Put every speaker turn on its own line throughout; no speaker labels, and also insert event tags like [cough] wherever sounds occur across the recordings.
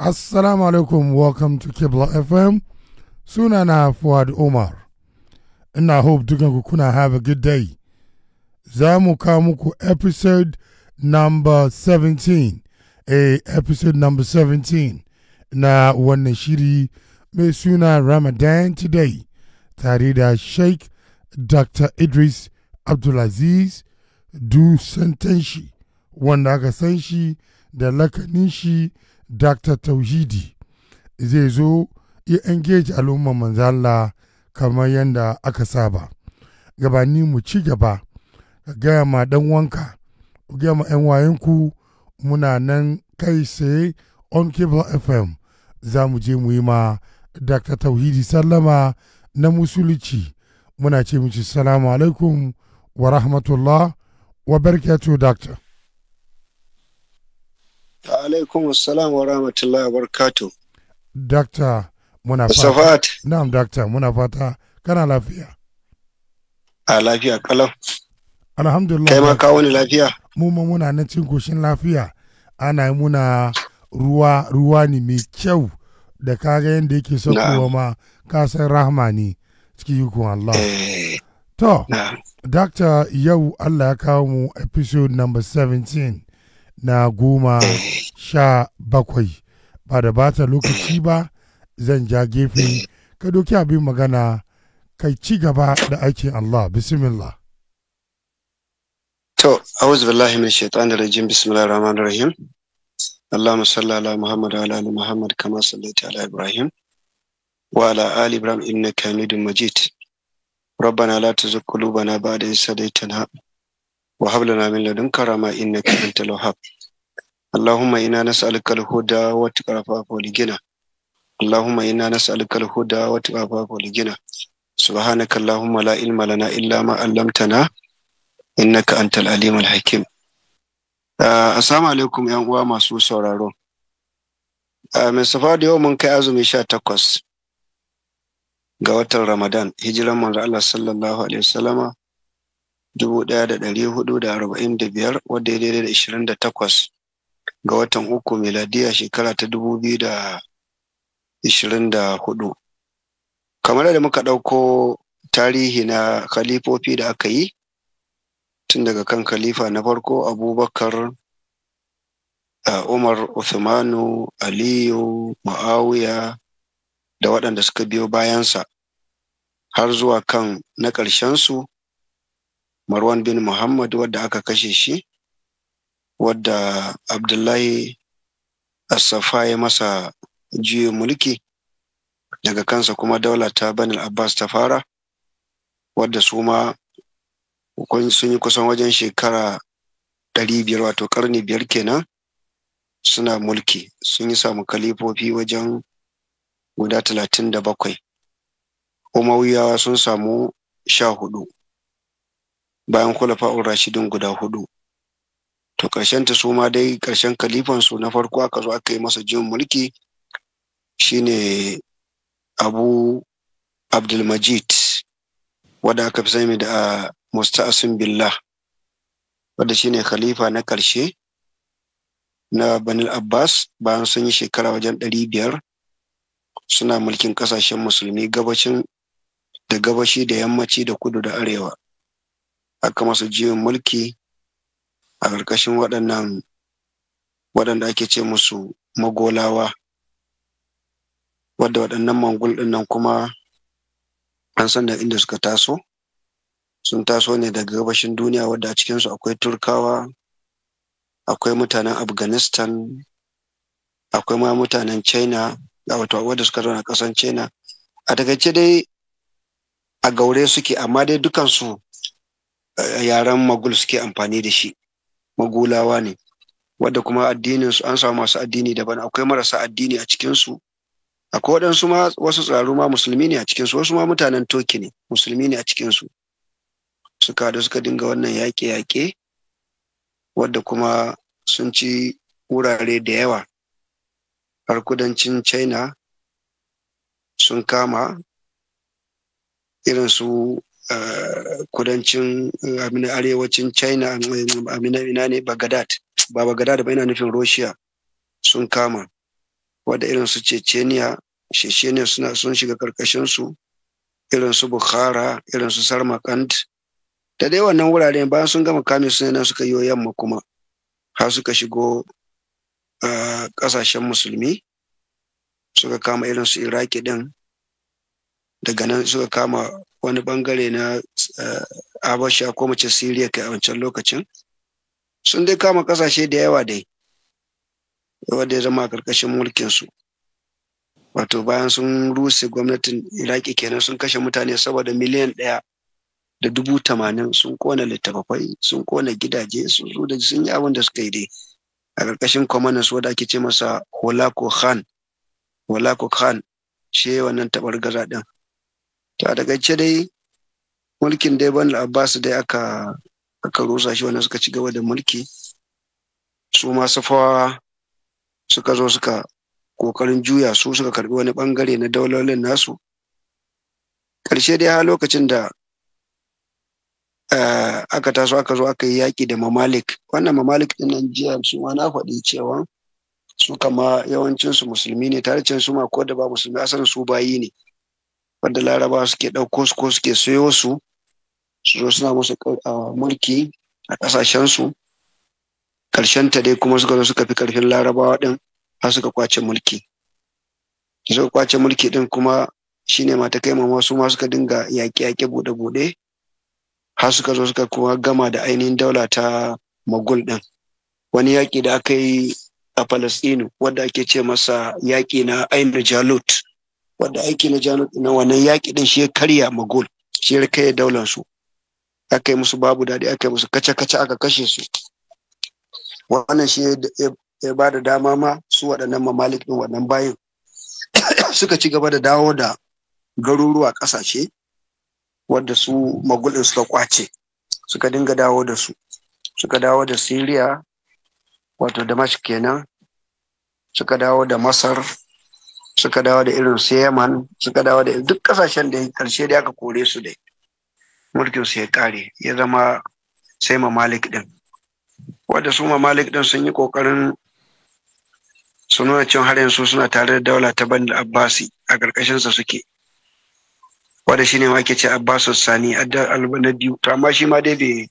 Assalamu alaikum, welcome to Kibla FM. Sunana Fuad Omar. Ina hope dukanku kuna have a good day. Za mu kawo muku episode number 17, a eh, episode number 17 na wane shiri mai suna Ramadan today tare da Sheikh Dr. Idris Abdulaziz Du Santanshi wanda aka san shi da lakanin shi Dr. Tauhidi zai zo ya engage al'umman manzo Allah kamar yadda aka saba. Gabani mu ci gaba, ka gaya ma dan wanka, ku gaya ma 'yan wayanku muna nan kai sai on cable FM za mu je mu yi ma Dr. Tauhidi sallama na musulunci muna ce muci salamu alaikum wa rahmatullah wa barakatuh doctor.
alaikum assalam wa rahmatullahi wa barakatu
Dr. muna fata na'am Dr. muna fata kana lafiya
a lafiya kalam.
alhamdulillah kai ma ka wani lafiya mu ma muna nan cin koshin lafiya ana muna ruwa ruwa ne mai kyau da kaga yadda yake saukowa ma kasan rahama ne cikin yukun Allah. Eh. to, Dr. yau Allah ya kawo mu episode number 17 na goma sha bakwai ba da bata lokaci ba zan ja gefe ka doki abin magana kai ci gaba da aikin Allah bismillah
to auzu billahi min shaitani rajim bismillahir rahman rahim Allahumma salli ala Muhammad wa ala Muhammad kama sallaita ala Ibrahim wa ala ali Ibrahim innaka Hamidum Majid ربنا لا تزغ قلوبنا بعد إذ هديتنا وهب لنا من لدنك رحمة إنك أنت الوهاب اللهم إنا نسألك الهدى والتقى والجنة اللهم إنا نسألك الهدى والتقى والجنة سبحانك اللهم لا علم لنا إلا ما علمتنا إنك أنت العليم الحكيم السلام عليكم يا أبو masu sauraro. من safa da من كأزم kai azumi sha takwas ga watan Ramadan, hijiran manzo Allah sallallahu Alaihi wasallama 1445 wadda ya daidai da 28 ga watan uku miladiya shekara ta 2024 kamar da muka ɗauko tarihi na khalifofi da aka yi tun daga kan khalifa na farko abubakar umar Uthmanu aliyu ma'awiya da waɗanda suka biyo bayansa har zuwa kan na ƙarshensu marwan bin muhammad wadda aka kashe shi wadda abdullahi asafa ya masa juyin mulki daga kansa kuma daula ta bani abbas ta fara wadda su ma sun yi kusan wajen shekara ɗari biyar wato ƙarni biyar kenan suna mulki sun yi samu kalifofi wajen guda talatin da bakwai umayyawa sun samu sha hudu bayan kulafa'un rashidin guda hudu to ƙarshen ta su ma dai ƙarshen kalifansu na farko aka zo aka yi masa jin mulki shine abu abdulmajid wadda aka fi sani da a ah, musta'asin billah wadda shine khalifa na ƙarshe na banil abbas bayan sun yi shekara wajen ɗari biyar suna mulkin ƙasashen musulmi gabashin da gabashi da yammaci da kudu da arewa aka masa jiwon mulki a ƙarƙashin waɗannan waɗanda ake ce musu magolawa wadda waɗannan mangul ɗinnan kuma an san da inda suka taso sun taso ne daga gabashin duniya wadda a cikinsu akwai turkawa akwai mutanen afghanistan akwai ma mutanen china wato wadda suka zauna ƙasan china a takaice dai a gaure suke amma dai dukansu yaren magul suke amfani da shi magulawa ne wadda kuma addinin su an samu masu addini daban akwai marasa addini a cikin su akwai waɗansu ma wasu tsaro ma musulmi ne a cikin wasu ma mutanen toki ne musulmi ne a cikinsu su suka da suka dinga wannan yaƙe-yaƙe wadda kuma sun ci wurare da yawa har kudancin china sun kama irin su Eh, kudancin eh, amina arewacin china eh, amina ina ne bagadad ba bagadad ba ina nufin russia sun kama wadda irin su chechenia chechenia suna sun shiga karkashin su irin su bukhara irin su sarmakand da dai wannan wurare bayan sun gama kame su nan suka yi yamma kuma har suka shigo kasashen musulmi suka kama irin su iraki din daga nan suka kama wani bangare na eh, abasha ko mace Siriya kai a wancan lokacin sun dai kama kasashe da yawa dai wadda ya zama a karkashin mulkin su wato bayan sun ruse gwamnatin Iraki kenan sun kashe mutane saboda miliyan ɗaya da dubu tamanin sun kona littattafai sun kona gidaje sun zo da sun yi abin da suka yi dai a ƙarƙashin kwamanansu wadda ake ce masa holako khan holako khan shi wannan tabar gaza ɗin to a ce dai mulkin dai ban abbas dai aka aka rusa shi wanda suka ci gaba da mulki su masu fawa suka zo suka kokarin juya su suka karbi wani bangare na daulolin nasu karshe dai har lokacin da eh, aka taso aka zo aka yi yaƙi da mamalik wannan mamalik din nan jiya su ma na faɗi cewa su kama yawancinsu musulmi ne tare can su ma ko da ba musulmi asalin su bayi ne wanda larabawa suke ɗauko su ko suke sayo su su zo suna musu mulki a ƙasashensu ta dai kuma suka zo suka fi ƙarfin larabawa ɗin har suka kwace mulki suka kwace mulki ɗin kuma shine mata kai su ma suka dinga yaƙe-yaƙe buɗe-buɗe har suka zo suka kuma gama da ainihin daula ta magul ɗin wani yaƙi da aka yi a Falasɗinu wanda ake ce masa yaƙi na ainihin Jalut wanda aiki na janu na wannan yaƙi din shi ya karya magol shi ya kai daular su aka yi musu babu daɗi aka yi musu kace kace aka kashe su wannan shi ya ba da dama ma su waɗannan mamalik din wannan bayin [coughs] suka ci gaba da dawo da garuruwa ƙasashe wadda su magul din suka kwace suka dinga dawo da su suka dawo da Siriya wato Damash kenan suka dawo da Masar suka dawo da irin su yaman suka dawo da duk kasashen da karshe da aka kore su dai mulkin su ya kare ya zama sai mamalik din wanda su mamalik din sun yi kokarin su nuna cin har yanzu suna tare da daula ta bandar abbasi a karkashin sa suke wanda shine ma ke ce abbasu sani na biyu to amma shi ma dai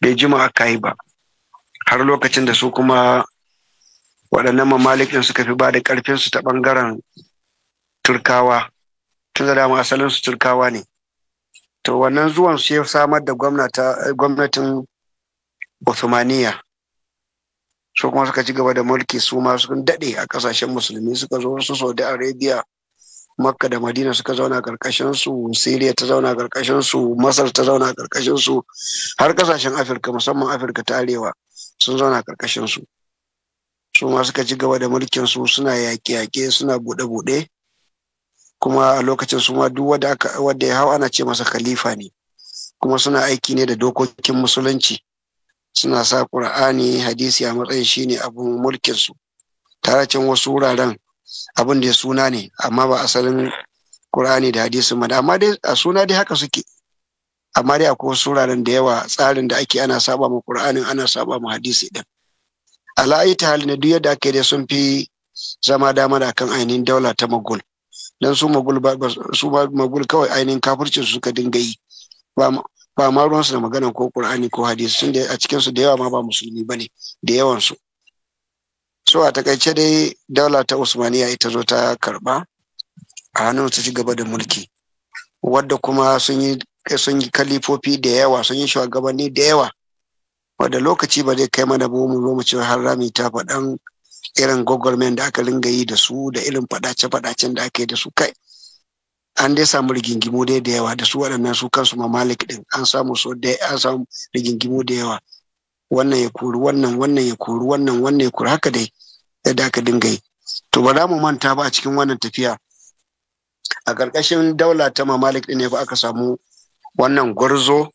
bai jima aka yi ba har lokacin da su kuma waɗannan mamalikin suka fi ba da ƙarfinsu ta ɓangaren turkawa tun da dama asalinsu turkawa ne to wannan zuwan su ya samar da gwamnatin Uthmaniya su kuma suka ci gaba da mulki su ma sun daɗe a ƙasashen musulmi suka zo su saudi arabia makka da madina suka zauna ƙarƙashin su siriya ta zauna ƙarƙashin su masar ta zauna ƙarƙashin su har ƙasashen afirka musamman afirka ta arewa sun zauna ƙarƙashin su su ma suka ci gaba da mulkin su suna yaƙe-yaƙe suna buɗe-buɗe kuma a lokacin su ma duk wanda ya hau ana ce masa khalifa ne kuma suna aiki ne da dokokin musulunci suna sa qur'ani hadisi a matsayin shine abun mulkin su tare can wasu wuraren abin da ya suna ne amma ba asalin qur'ani da hadisi ba amma dai a suna dai haka suke amma dai akwai wasu wuraren da yawa tsarin da ake ana saba ma qur'anin ana saba ma hadisi din ala'ita ta hali na duk yadda aka da sun fi zama dama da kan ainihin daula ta magul don su magul su magul kawai ainihin kafircin suka dinga yi ba ma ruwansu da maganan ko qur'ani ko hadisi sun da a cikinsu da yawa ma ba musulmi ba ne da yawan su so a takaice dai daula ta usmaniya ita zo ta karba a hannun su ci gaba da mulki wadda kuma sun yi sun yi kalifofi da yawa sun yi shugabanni da yawa wanda lokaci ba zai kai mana ba mu zo mu ci har rami ta faɗan irin gwagwarmen da aka ringa yi da su da irin faɗace-faɗacen da aka yi da su kai an dai samu rigingimu dai da yawa da su waɗannan su kansu ma malik din an samu so da an samu rigingimu da yawa wannan ya kuru wannan wannan ya kuru wannan wannan ya kuru. haka dai yadda aka dinga yi to ba za mu manta ba a cikin wannan tafiya a ƙarƙashin daula ta mamalik ɗin ne ba aka samu wannan gwarzo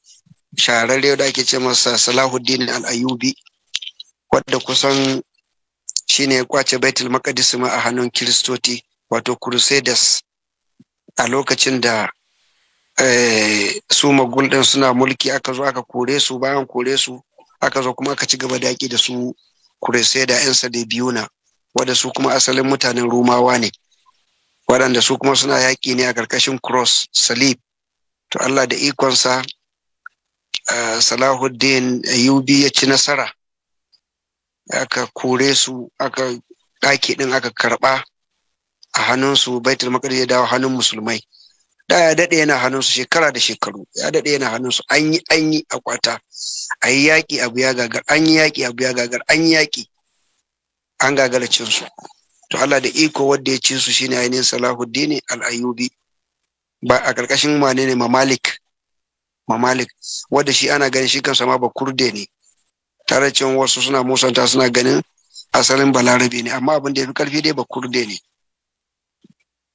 shahararre da ake ce masa Salahuddin al ayubi wadda kusan shine ya kwace Baitul Maqdis ma a hannun Kiristoti wato Crusaders a lokacin da eh, su magul suna mulki aka zo aka kore su bayan kore su aka zo kuma aka ci gaba da yaki da su Crusader 'yan na wadda su kuma asalin mutanen Rumawa ne waɗanda su kuma suna yaƙi ne a ƙarƙashin cross salib to Allah da ikonsa Eh, salahuddin ayyubi ya ci nasara aka kore su aka ɗaki ɗin aka karɓa a hannunsu baitul maqdis ya dawo hannun musulmai da ya daɗe yana hannunsu shekara da shekaru ya daɗe yana hannunsu an yi an yi a kwata a yi yaƙi abu ya gagar an yi yaƙi abu ya gagar an yi yaƙi an gagara cinsu to Allah da iko wanda ya ci su shine ainihin Salahuddin al-Ayyubi ba a ƙarƙashin wane ne Mamalik mamalik malik wadda shi ana ganin shi kansa ma ba kurde ne tare cewa wasu suna musanta suna ganin asalin balarabe ne amma abin da ya fi karfi dai ba kurde ne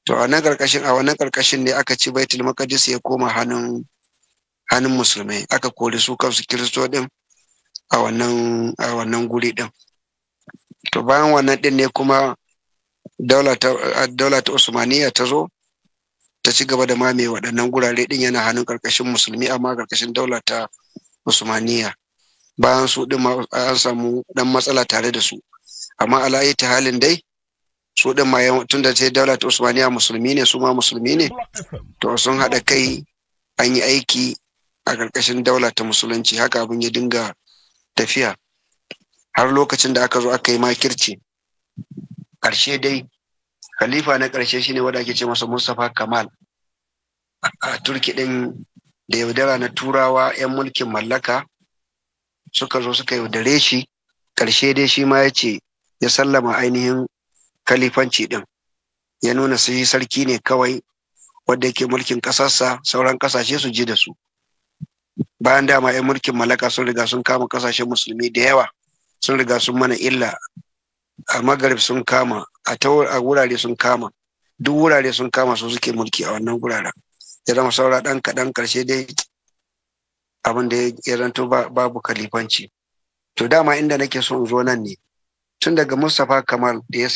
to a nan karkashin a wannan karkashin ne aka ci baitul maqdis ya koma hannun hannun musulmai aka kori su kansu kristo din a wannan a wannan guri din to bayan wannan din ne kuma daula ta daula ta usmaniya ta zo ta ci gaba da mamaye waɗannan gurare ɗin yana hannun ƙarƙashin musulmi amma ƙarƙashin daula ta usmaniya bayan su ɗin an samu ɗan matsala tare da su amma ala'ai ta halin dai su ɗin ma tun da ta daula ta usmaniya musulmi ne su ma musulmi ne to sun haɗa kai an yi aiki a ƙarƙashin daula ta musulunci haka abin ya dinga tafiya har lokacin da aka zo aka yi makirci ƙarshe dai khalifa na ƙarshe shine wanda ake ce masa Mustapha Kamal a Turki din da yaudara na turawa 'yan mulkin mallaka suka zo suka yaudare shi ƙarshe dai shi ma ya ce ya sallama ainihin kalifanci ɗin. ya nuna su yi sarki ne kawai wadda yake mulkin ƙasarsa sauran ƙasashe su ji da su bayan dama 'yan mulkin mallaka sun riga sun kama ƙasashen musulmi da yawa sun riga sun mana illa a magarib sun kama a a wurare sun kama duk wurare sun kama su suke mulki a wannan wuraren ya zama saura ɗan kaɗan ƙarshe dai abin da ya zanto babu kalifanci to dama inda nake so in zo nan ne tun daga mustapha kamal da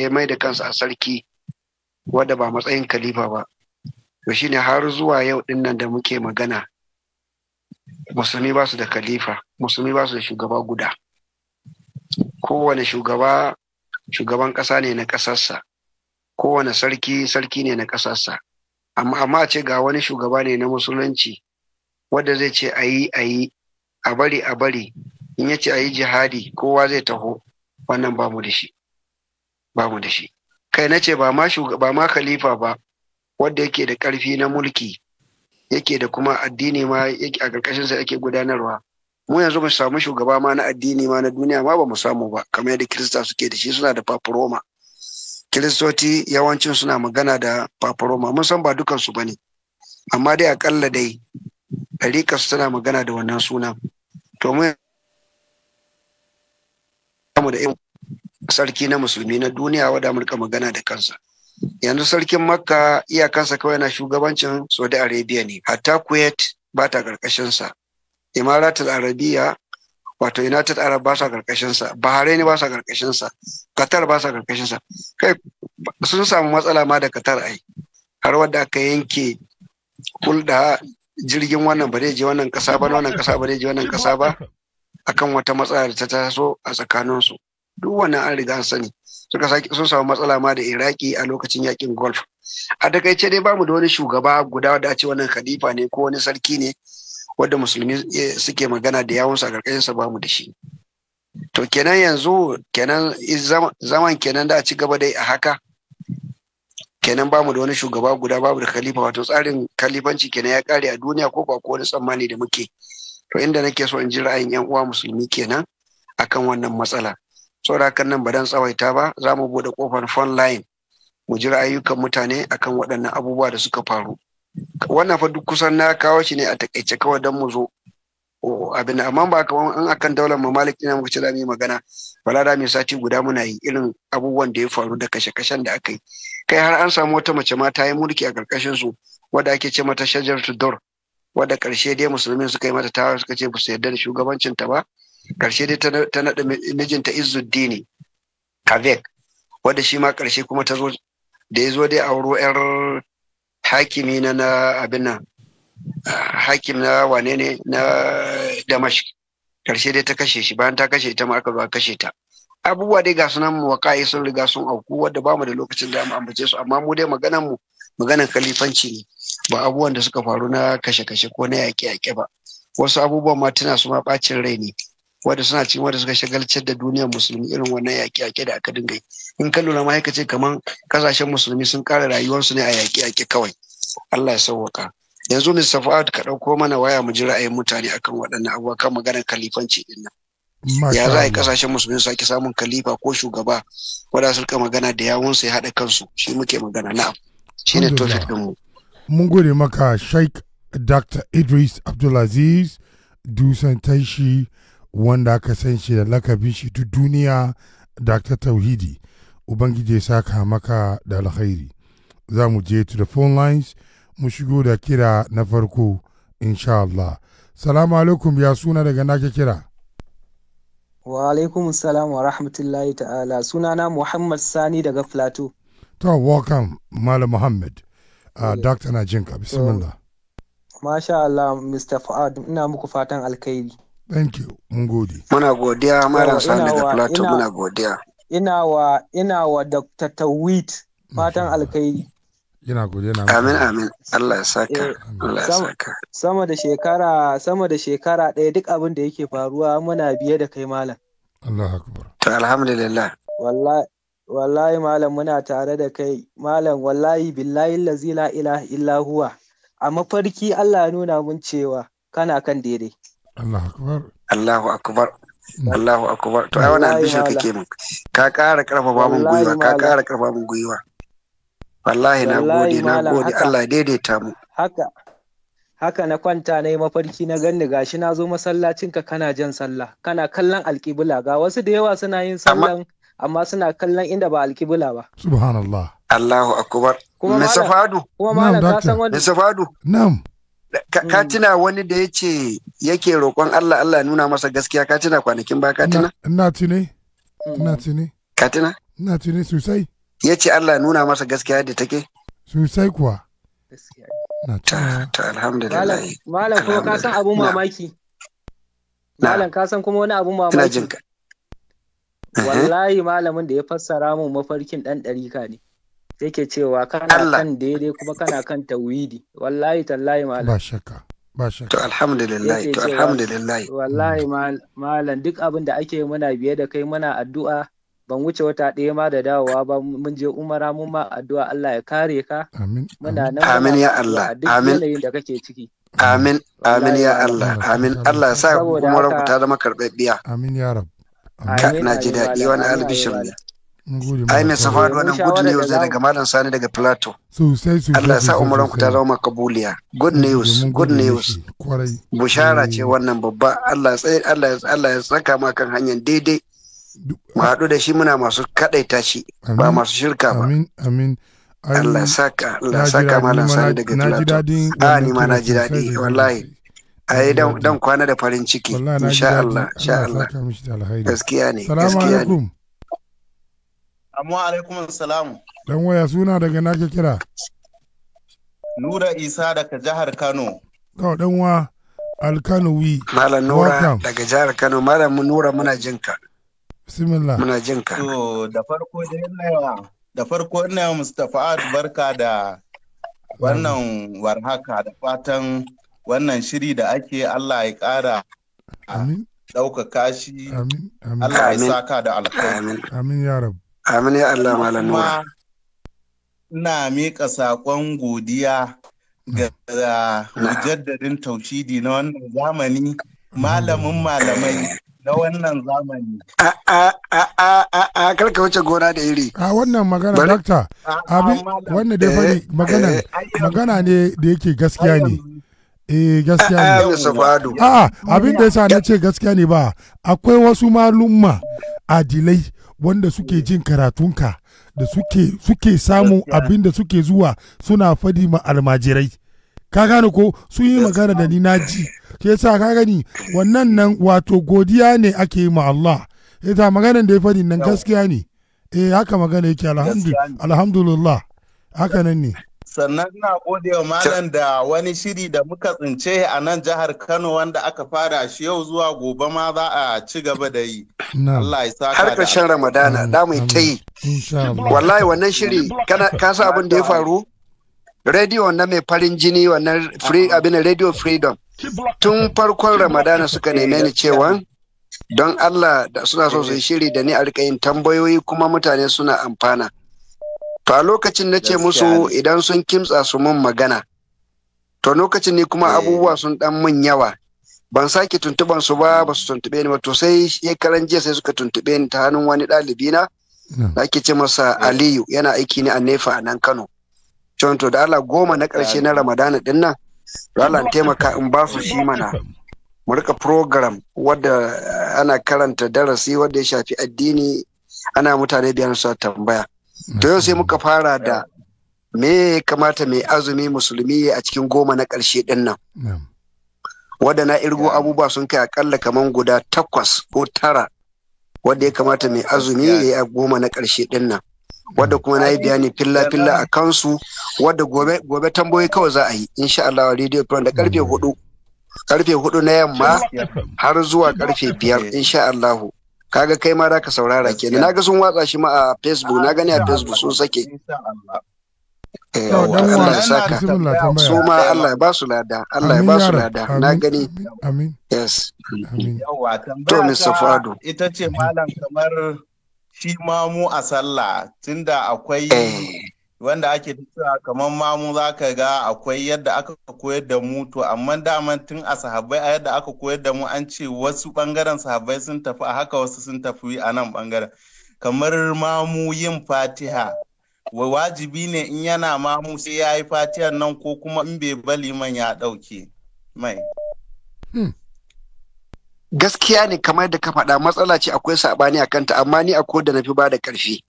ya mai da kansa a sarki wadda ba matsayin kalifa ba to shine har zuwa yau din nan da muke magana musulmi ba su da kalifa musulmi ba su da shugaba guda kowane shugaba shugaban ƙasa ne na ƙasarsa kowane sarki sarki ne na ƙasarsa amma amma ce ga wani shugaba ne na musulunci wanda zai ce a yi a yi a bari a bari in ya ce a yi jihadi kowa zai taho wannan ba mu da shi ba mu da shi kai na ce ba ma shugaba ma khalifa ba wanda yake da ƙarfi na mulki yake da kuma addini ma a ƙarƙashinsa yake gudanarwa mu yanzu ba samu shugaba ma na addini ma na duniya ma ba mu samu ba kamar yadda kirista suke da shi suna da roma Kiristoci yawancin suna magana da roma mun san ba dukansu ba ne amma dai akalla dai ɗariƙar suna magana da wannan suna to mu mu da sarki na musulmi na duniya wadda amurka magana da kansa yanzu sarkin makka iyakansa kawai na shugabancin saudi arabia ne hatta kuwait ba ta ƙarƙashinsa Imaratul Arabiya wato United Arab ba sa karkashin sa Bahrain ba sa karkashin sa Qatar ba sa karkashin sa kai sun samu matsala ma da Qatar ai har wanda aka yanke hulɗa jirgin wannan ba zai je wannan kasa ba wannan kasa ba zai je wannan kasa ba akan wata matsala da ta taso a tsakanin su duk wannan an riga an sani suka sun samu matsala ma da Iraki a lokacin yakin Gulf a takaice dai bamu da wani shugaba guda da a ce wannan khalifa ne ko wani sarki ne wadda musulmi eh, suke magana da yawunsa a ƙarƙashinsa ba mu da shi to kenan yanzu kenan zaman kenan da a ci gaba dai a haka kenan bamu da wani shugaba guda babu da khalifa wato tsarin khalifanci kenan ya kare a duniya ko ba ko wani tsammani da muke to inda nake so in ji ra'ayin yan uwa musulmi kenan akan wannan matsala saboda hakan nan ba dan tsawaita ba za mu bude kofar phone line mu ji ra'ayukan mutane akan waɗannan abubuwa da suka faru wannan fa duk kusan na kawo shi ne a takaice kawai don mu zo abin amma ba kamar an akan daular mamalik ina muka ce za yi magana bala da mai sati guda muna yi irin abubuwan da ya faru da kashe-kashen da aka yi kai har an samu wata mace ma ta yi mulki a karkashin su wadda ake ce mata shajar tudor wadda karshe dai musulmi suka yi mata tawa suka ce ba su yarda da shugabancin ta ba karshe dai ta naɗa mijinta izuddini kavek wadda shi ma karshe kuma ta zo da ya zo dai auro yar hakimi na na abin nan ah, hakim na wane ne na damash karshe dai ta kashe shi bayan ta kashe ita ma aka zo kashe ta abubuwa dai ga sunan mu waƙa'i sun riga sun auku wadda ba mu da lokacin da mu ambace su amma mu dai maganan mu maganan kalifanci ne ba abubuwan da suka faru na kashe-kashe ko na yaƙe-yaƙe ba wasu abubuwan ma tuna su ma ɓacin rai ne wadda suna cikin wanda suka shagalci da duniyar musulmi irin wannan yaƙe-yaƙe da aka dinga yi in ka lura ma ce kamar kasashen musulmi sun ƙara rayuwarsu ne a yaƙe-yaƙe kawai Allah ya sauwaka yanzu ne Fuad ka ɗauko mana waya mu ji ra'ayin mutane akan waɗannan abubuwa kan maganar kalifanci din
nan ya za a yi kasashen
musulmi su sake samun kalifa ko shugaba wanda su rika magana da yawunsu ya haɗa kansu shi muke magana na'am shine topic ɗinmu.
mun
gode maka Sheikh Dr. Idris Abdulaziz Dusan Taishi wanda aka san shi da lakabin shi duk duniya Dr. Tauhidi, Ubangiji ya saka maka da alkhairi. Za mu je to the phone lines, mu shigo da kira na farko, insha Allah. Salamu alaikum ya suna daga nake kira.
Wa alaikum salam wa rahmatullahi ta'ala sunana Muhammad Sani daga Plateau.
To, welcome Malam Muhammad. Uh, ah, Dr. Najinka,
bismillah.
Masha Allah, Mr. Fuad, ina muku fatan alkhairi.
Thank you,
mun gode. Muna godiya Malam Sani da plato muna godiya.
Ina wa ina wa Dr. Tawit fatan alkai
Ina gode na. Amin amin. Allah
ya saka. Eh, Allah ya
saka. Sama da shekara sama da shekara ɗaya duk abin da yake faruwa muna biye da kai malam.
Allah akbar. To alhamdulillah.
Wallahi
wallahi malam muna tare da kai malam wallahi billahi lazi la ilaha illa huwa a mafarki Allah ya nuna mun cewa kana kan daidai.
Allah akbar
Allahu akbar Allahu akbar mm. to ai wani albishir kake mun. ka ƙara karfafa mun gwiwa ka ƙara karfafa mun gwiwa wallahi na gode na gode Allah daidaita mu
haka haka na kwanta na yi mafarki na ganni gashi na zo masallacin ka kana jan sallah kana kallon alƙibla ga wasu da yawa suna yin sallan amma suna kallon inda ba alƙibla ba
subhanallah
Allahu akbar Mr. Fadu Mr. Fadu na'am ka mm. tuna wani da ya ce yake roƙon Allah Allah nuna masa gaskiya ka tuna kwanakin ba ka tuna?
Ina tuni. Ina mm. tuni.
Ka tuna? Ina tuni sosai. Ya ce Allah nuna masa gaskiya da take?
Sosai kuwa.
Ta, ta
alhamdulillah. Malam kuma ka san abun mamaki.
Malam ka san kuma wani abun mamaki. Ina jinka. Wallahi malamin da ya fassara mun mafarkin ɗan ɗarika ne. yake ke cewa kana kan daidai kuma kana kan tawhidi wallahi tallahi malam ba
shakka ba shakka to alhamdulillah to alhamdulillah
wallahi mm. malam duk abin da ake muna biye da kai muna addu'a ban wuce wata ɗaya ma da dawowa ba mun je umara mun ma addu'a Allah ya kare ka amin muna nan amin ya Allah amin yanayin da kake ciki
amin amin ya Allah amin Allah ya sa umara ku ta zama karɓaɓɓiya amin ya rab na ji daɗi wani albishir ne
ai mai safa da wannan good news ne daga
malam sani daga plateau
sosai sosai Allah sa umuran ku ta
zama makabuliya good news good news bushara ce eh. wannan babba Allah ya Allah Allah ya saka ma kan hanyar daidai mu haɗu da shi muna masu kadaita shi ba masu shirka ba amin
amin Allah
saka Allah saka malam sani daga plateau a ah, ni ma na ji daɗi wallahi ai dan kwana da farin ciki insha
Allah insha Allah
gaskiya ne gaskiya ne Amma alaikum salamu.
Dan waya suna daga nake kira.
Nura Isa daga jihar Kano.
To dan wa Alkanowi.
Malam Nura daga jihar Kano. Malam Nura muna jinka.
Bismillah. Muna
jinka. To da farko da yana da farko ina Mustapha barka da wannan warhaka da fatan wannan shiri da ake Allah ya ƙara ɗaukaka shi
Allah ya saka
da alkhairi.
Amin ya rabu. Amin ya
Allah malam Nura. Na miƙa saƙon godiya ga jaddadin taushidi na wannan zamani malamin malamai na wannan zamani. A a a a a karka wuce gona da iri.
A wannan magana dokta, abin wannan dai fari eh, magana eh, eh. magana ne da yake gaskiya ne. Eh gaskiya ne. A abin da ya sa na ce gaskiya ne ba akwai wasu malumma adilai wanda suke jin karatunka da suke suke samun abin da suke zuwa suna fadi ma almajirai ka gane ko sun yi magana da ni na ji ke sa ka gani wannan nan wato godiya ne ake yi ma Allah ta maganan da ya fadi nan gaskiya ne eh haka magana yake alhamdulillah haka nan ne
sannan na gode wa malam da wani shiri da muka tsince a nan jihar Kano wanda aka fara shi yau zuwa gobe ma za a ci gaba da yi. Allah ya har ƙarshen
Ramadana da mu ta yi.
Wallahi wannan shiri ka sa abin da ya faru?
Rediyo na mai farin jini wannan abin Radio Freedom. Tun farkon Ramadana suka neme ni cewa don Allah suna so su yi shiri da ni a tambayoyi kuma mutane suna amfana. to a lokacin na ce musu idan sun kimtsa su mun magana to lokacin ne kuma eh. abubuwa sun dan mun yawa ban sake tuntuban su ba ba su tuntube ni ba to sai shekaran jiya sai suka tuntube ni ta hannun wani ɗalibi na hmm. da ake ce masa hmm. aliyu yana aiki ne a nefa a nan kano to da ala goma na ƙarshe na ramadana din nan ralan taimaka in ba su shi mana hmm. mu rika program wadda ana karanta darasi wadda ya shafi addini ana mutane biyar su tambaya to yau sai muka fara da me kamata mai azumi musulmi a cikin goma na ƙarshe ɗin nan wadda na irgo abubuwa sun kai akalla kaman guda takwas ko tara wadda ya kamata mai azumi ya yi a goma na ƙarshe ɗin nan wadda kuma na yi bayani filla-filla a kansu wadda gobe tambayoyi kawai za a yi insha Allah radio program da karfe hudu karfe hudu na yamma har zuwa karfe biyar insha Allah kaga kai ma ka saurara kenan naga sun watsa shi ma a facebook na gani a facebook sun sake Allah eh, ya saka su ma
Allah ya ba su lada Allah ya ba su lada na
gani yes
to Mr. Fado ita ce malam kamar shi ma mu a sallah tunda akwai eh. wanda ake cewa kamar mamu za ka ga akwai yadda aka koyar da mu to amma daman tun a sahabbai a yadda aka koyar da mu an ce wasu bangaren sahabbai sun tafi a haka wasu sun tafi a nan bangaren kamar mamu yin fatiha wajibi ne in yana mamu sai ya yi fatihar nan ko kuma in bai bali man ya ɗauke mai
hmm. gaskiya ne kamar da ka faɗa matsala ce akwai saɓani a kanta amma ni a da na fi ba da ƙarfi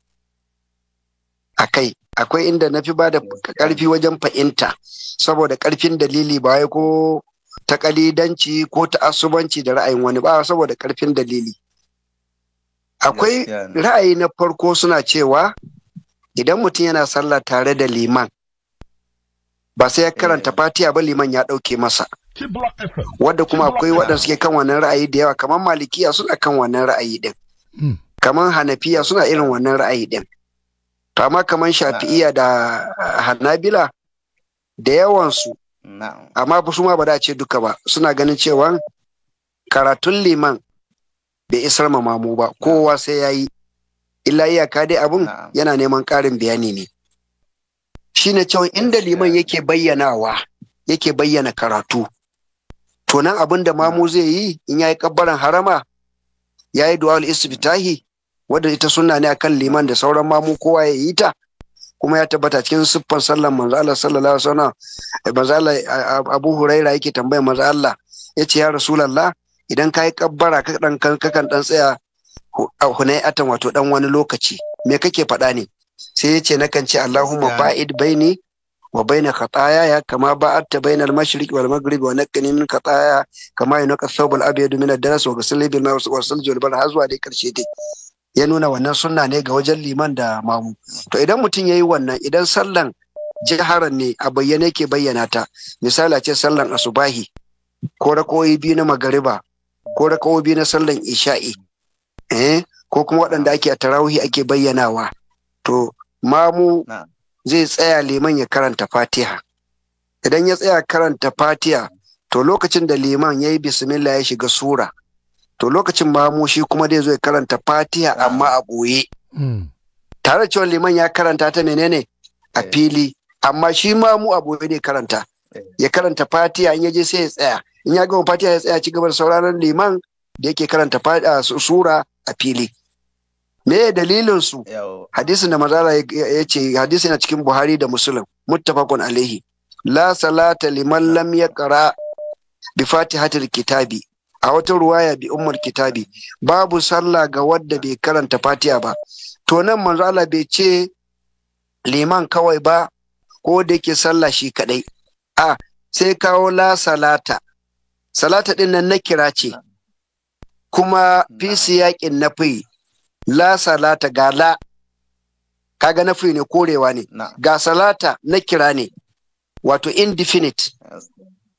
a kai akwai inda na fi ba da ƙarfi wajen fahimta saboda ƙarfin dalili ba ko ta ƙalidanci ko ta asubanci da ra'ayin wani ba saboda ƙarfin dalili akwai ra'ayi na farko suna cewa idan mutum yana sallah tare da liman ba sai ya eh. karanta fatiya ba liman ya ɗauke masa wadda kuma akwai waɗanda suke kan wannan ra'ayi da yawa kamar malikiya suna kan wannan ra'ayi ɗin hmm. kamar hanafiya suna irin wannan ra'ayi ɗin kama kamar shafi'iya da hannabila da yawansu amma su ma ba da ce duka ba suna ganin cewa karatun liman bai isar ma mamu ba kowa sai ya yi illa iyaka dai abin yana neman ƙarin bayani ne Shi ne cewa inda liman yake bayyanawa yake bayyana karatu to nan abin da mamu zai yi in ya yi kabbaran harama ya yi duwal isbitahi wadda ita sunna ne akan liman da sauran mamu kowa ya yi ta kuma ya tabbata cikin siffan sallan manzo Allah sallallahu alaihi wasallam eh, manzo Allah Abu Huraira yake tambaya manzo Allah yace ya Rasulullah idan kai kabbara ka dan kakan dan tsaya hunai atan wato dan wani lokaci me kake faɗa ne sai yace nakan ce Allahumma ba'id baini wa baina khataya ya kama ba'atta bainal mashriq wal maghrib wa naqqini min khataya kama yunqa thawbal abyad min ad-danas wa ghsilni bil na wa salju al-bar hazwa dai karshe dai ya nuna wannan sunna ne ga wajen liman da mamu to idan mutum ya yi wannan idan sallan jiharar ne a bayyane ke bayyana ta misali ce sallan asubahi ko rakowi biyu na magariba ko rakowi biyu na sallan isha'i eh ko kuma waɗanda ake a tarawihi ake bayyanawa to mamu zai tsaya liman ya karanta fatiha idan ya tsaya karanta fatiha to lokacin da liman ya yi bismillah ya shiga sura to lokacin mamu kuma dai zo ya karanta fatiha amma a ɓoye hmm. tare cewa liman ya karanta ta menene a eh. fili amma shi mamu a ɓoye ne karanta eh. ya karanta fatiha in ya sai ya tsaya in ya gama fatiha ya tsaya ci gaba da sauraron liman da yake karanta sura a fili me dalilin su hadisin da mazala ya ce hadisin na cikin buhari da muslim muttafaqun alaihi la salata liman lam yaqra bi fatihatil kitabi a wata ruwaya bi Umar kitabi babu sallah ga wadda bai karanta fatiha ba to nan manzo Allah bai ce liman kawai ba ko da yake sallah shi kadai a sai kawo la salata salata din nan na kira ce kuma fi na nafi la salata ga la kaga nafi ne korewa ne ga salata na kira ne wato indefinite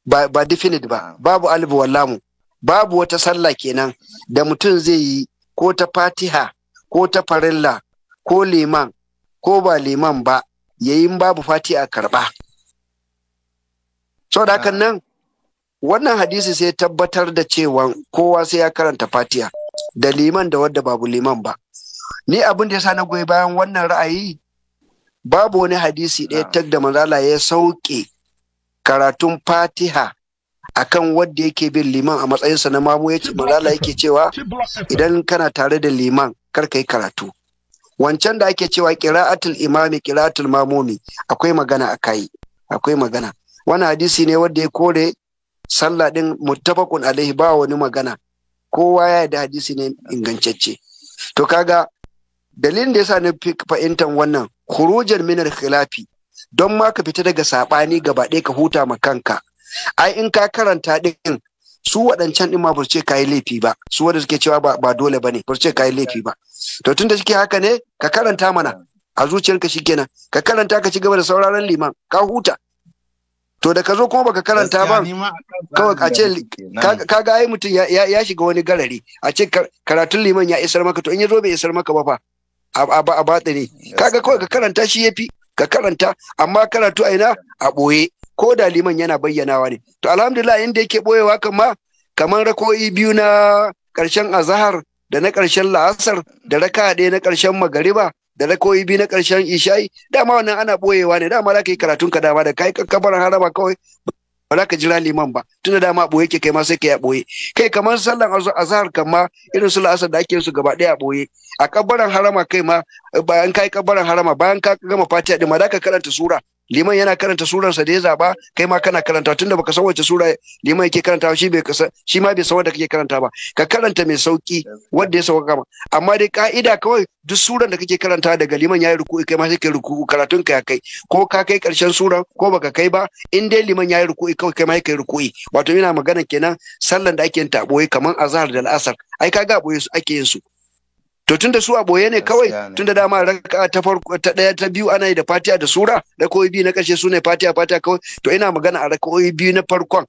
ba, ba definite ba babu alibu wallamu babu wata sallah kenan da mutum zai yi ko ta fatiha ko ta farilla ko liman ko ba liman ba yayin babu fatiha karba so da ah. nan wannan hadisi sai tabbatar da cewa kowa sai ya karanta fatiha da liman da wadda babu liman ba ni abin da ya sa na goyi bayan wannan ra'ayi babu wani hadisi ɗaya tag da ah. manzala ya sauke karatun fatiha akan wanda yake bin liman a matsayinsa na mamu yake malala yake cewa idan kana tare da liman kar ka yi karatu wancan da ake cewa kira'atul imami kira'atul mamumi akwai magana a kai akwai magana Wani hadisi ne wanda ya kore sallah din muttafaqun alaihi ba wani magana kowa ya da hadisi ne ingantacce to kaga dalilin da yasa na fahimtar wannan kurujar minar khilafi don ma ka fita daga saɓani gaba ɗaya ka huta ma kanka ai in ka karanta din su waɗancan ɗin ma ba ce kayi laifi ba su wanda suke cewa ba dole ba ne ba ce kayi laifi ba to tun da suke haka ne ka karanta mana a zuciyarka shi kenan ka karanta ka ci gaba da sauraron liman ka huta to da ka zo kuma baka karanta ba kawai a ce ka ga ai mutum ya shiga wani garari a ce karatun liman ya isar maka to in ya zo bai isar maka ba fa a batsi ne kaga kawai ka karanta shi ya fi ka karanta amma karatu a ina a ɓoye ko da liman yana bayyanawa ne to alhamdulillah inda yake boyewa kama kamar rako'i biyu na ƙarshen azahar da na ƙarshen la'asar da raka ɗaya na ƙarshen magariba da rako'i biyu na ƙarshen isha'i dama wannan ana boyewa ne dama za ka yi karatun ka dama da kai kabarin haraba kawai ba za ka jira liman ba tunda dama boye ke kai ma sai ka ya boye kai kamar sallan azahar kan ma irin su la'asar da ake su gaba a boye a kabbaran harama kai ma bayan kai kabbaran harama bayan ka gama fatiha ɗin ma za ka karanta sura liman yana karanta surarsa da ya zaba kai ma kana karanta tunda baka san wace sura liman yake karanta shi bai kasa shi ma bai san wanda kake karanta ba ka karanta mai sauki wanda ya sauka kama amma dai ka'ida kawai duk suran da kake karanta daga liman yayi ruku'i kai ma sai kai ruku'u karatun ka ya kai ko ka kai karshen suran ko baka kai ba in dai liman yayi ruku'i kawai kai ma kai ruku'i wato ina magana kenan sallan da ake yin ta boye kaman azhar da al'asar ai kaga boye su ake yin su to tun da su a boye ne kawai tunda dama raka ta farko ta daya ta biyu ana yi da fatiya da sura rakoyi biyu na kashe su ne fatiya fatiya kawai to ina magana a rakoyi biyu na farkon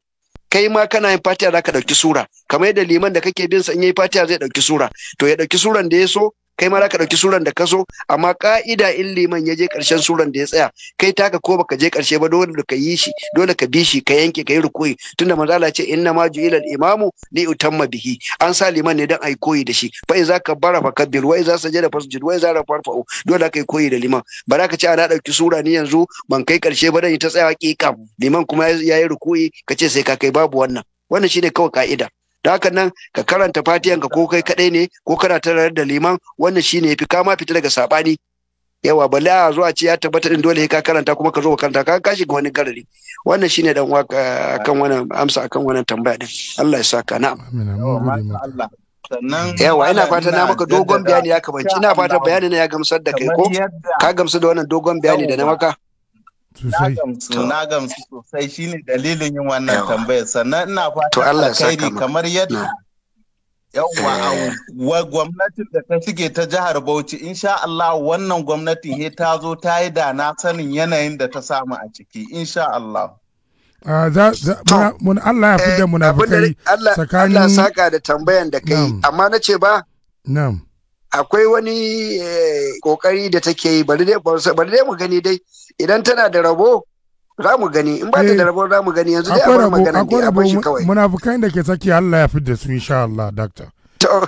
kai ma kana yin za zaka ɗauki sura kamar yadda liman da kake bin sa in yayi fatiya zai ɗauki sura to ya ɗauki suran da ya so kai ma ka ɗauki suran da ka so amma ka'ida in liman ya je ƙarshen suran da ya tsaya kai taka ko baka je ƙarshe ba dole ka yi shi dole ka bi shi ka yanke ka yi rukuyi tunda manzala ce inna ma ju'ilal imamu li utamma bihi an sa liman ne dan ai koyi da shi fa za ka bara fa kabbir wa idza sajada fasjud wa idza rafa farfa'u dole yi koyi da liman ba za ka ce ana ɗauki sura ni yanzu ban kai ƙarshe ba dan ita tsaya ƙiƙam liman kuma ya yi rukuyi ka ce sai ka kai babu wannan wannan shine kawai ka'ida da haka nan ka karanta fatiyan ka ko kai kadai ne ko kana tarar da liman wannan shine yafi kama fita daga sabani yawa balle a zuwa ce ya tabbata din dole ka karanta kuma ka zo ka karanta ka kashi ga wani garari wannan shine dan waka akan wannan amsa akan wannan tambaya din Allah ya saka na'am yawa ina fata na maka dogon bayani ya kamanci ina fata bayanin ya gamsar da kai ko ka gamsu da wannan dogon bayani da na maka
Na gamsu, na gamsu sosai shine dalilin yin wannan tambayar. Sannan ina fata alkhairi kamar yadda yawwa eh. wa gwamnatin da ta shige ta jihar Bauchi insha Allah wannan gwamnatin he ta zo ta yi da na sanin yanayin da ta samu a ciki insha Allah.
Allah ya fi eh, da munafukai tsakanin Allah saka
da tambayan da kai
amma na ce ba na'am akwai wani eh, kokari da take yi bari dai mu gani dai idan tana da rabo za mu gani in ba ta da eh, rabo za mu gani yanzu dai bar magana dai a bashi
kawai munafukan da ke saki Allah ya fidda su insha Allah doctor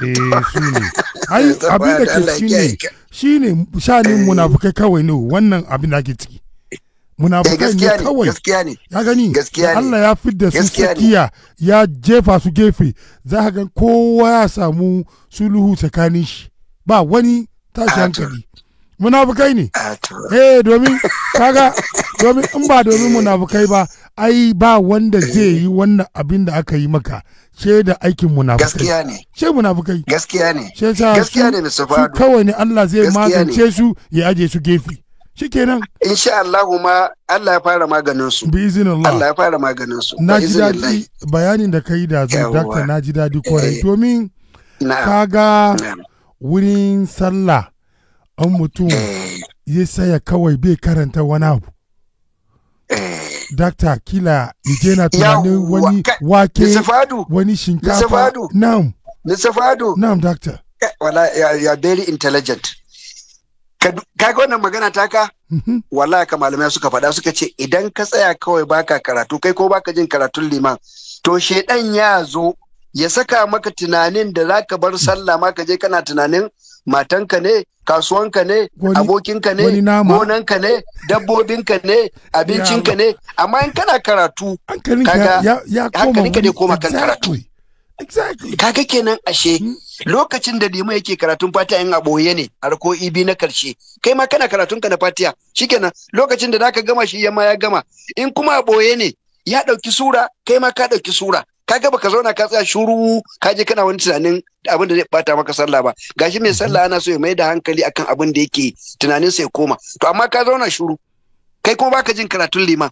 eh su ne [laughs] ai abin da ke shi ne, shi ne shanin eh. munafukai kawai ne wannan abin da ke ciki munafukai ne kawai ya gani Allah ya fidda su tsakiya ya jefa su gefe za ka ga kowa ya samu suluhu tsakanin shi ba wani tashi hankali munafukai ne eh domin kaga domin in ba domin munafukai ba ai ba wanda zai yi wannan abin da aka yi maka ce da aikin munafukai gaskiya ne ce munafukai gaskiya ne ce ta gaskiya ne fadu kawai ne Allah zai magance su ya aje su gefe
shikenan insha Allah ma Allah ya fara maganin su bi izinin Allah ya fara maganin su na ji dadi
bayanin da kai da zai dakta na ji dadi kwarai eh. domin kaga wurin sallah an mutum ya saya kawai bai karanta wani abu dakta kila ije na tunanin wani wake wani shinkafa nam nisafado nam dakta
wala ya very intelligent Ka ga wannan magana ka? Mm-hmm. wallahi ka malamai suka faɗa suka ce idan ka tsaya kawai baka karatu kai ko baka jin karatun liman to shedan ya zo ya saka maka tunanin da za ka bar sallah ma ka je kana tunanin matanka ne kasuwanka ne abokinka ne gonanka ne dabbobinka ne abincinka ne amma in kana karatu kaga hankalinka ne koma kan karatu kaga kenan ashe hmm? lokacin da limu yake karatun fatiya, in aboye ne harko ibi na karshe kai ma kana karatunka na fatiya? shikenan lokacin da zaka gama shi yamma ya gama in kuma aboye ne ya ɗauki sura kai ma ka ɗauki sura Ka gaba baka zauna ka tsaya shuru ka je kana wani tunanin abin da zai bata maka sallah ba gashi mai sallah ana so ya mai da hankali akan abin da yake tunanin sa ya koma to amma ka zauna shuru kai kuma baka jin karatun liman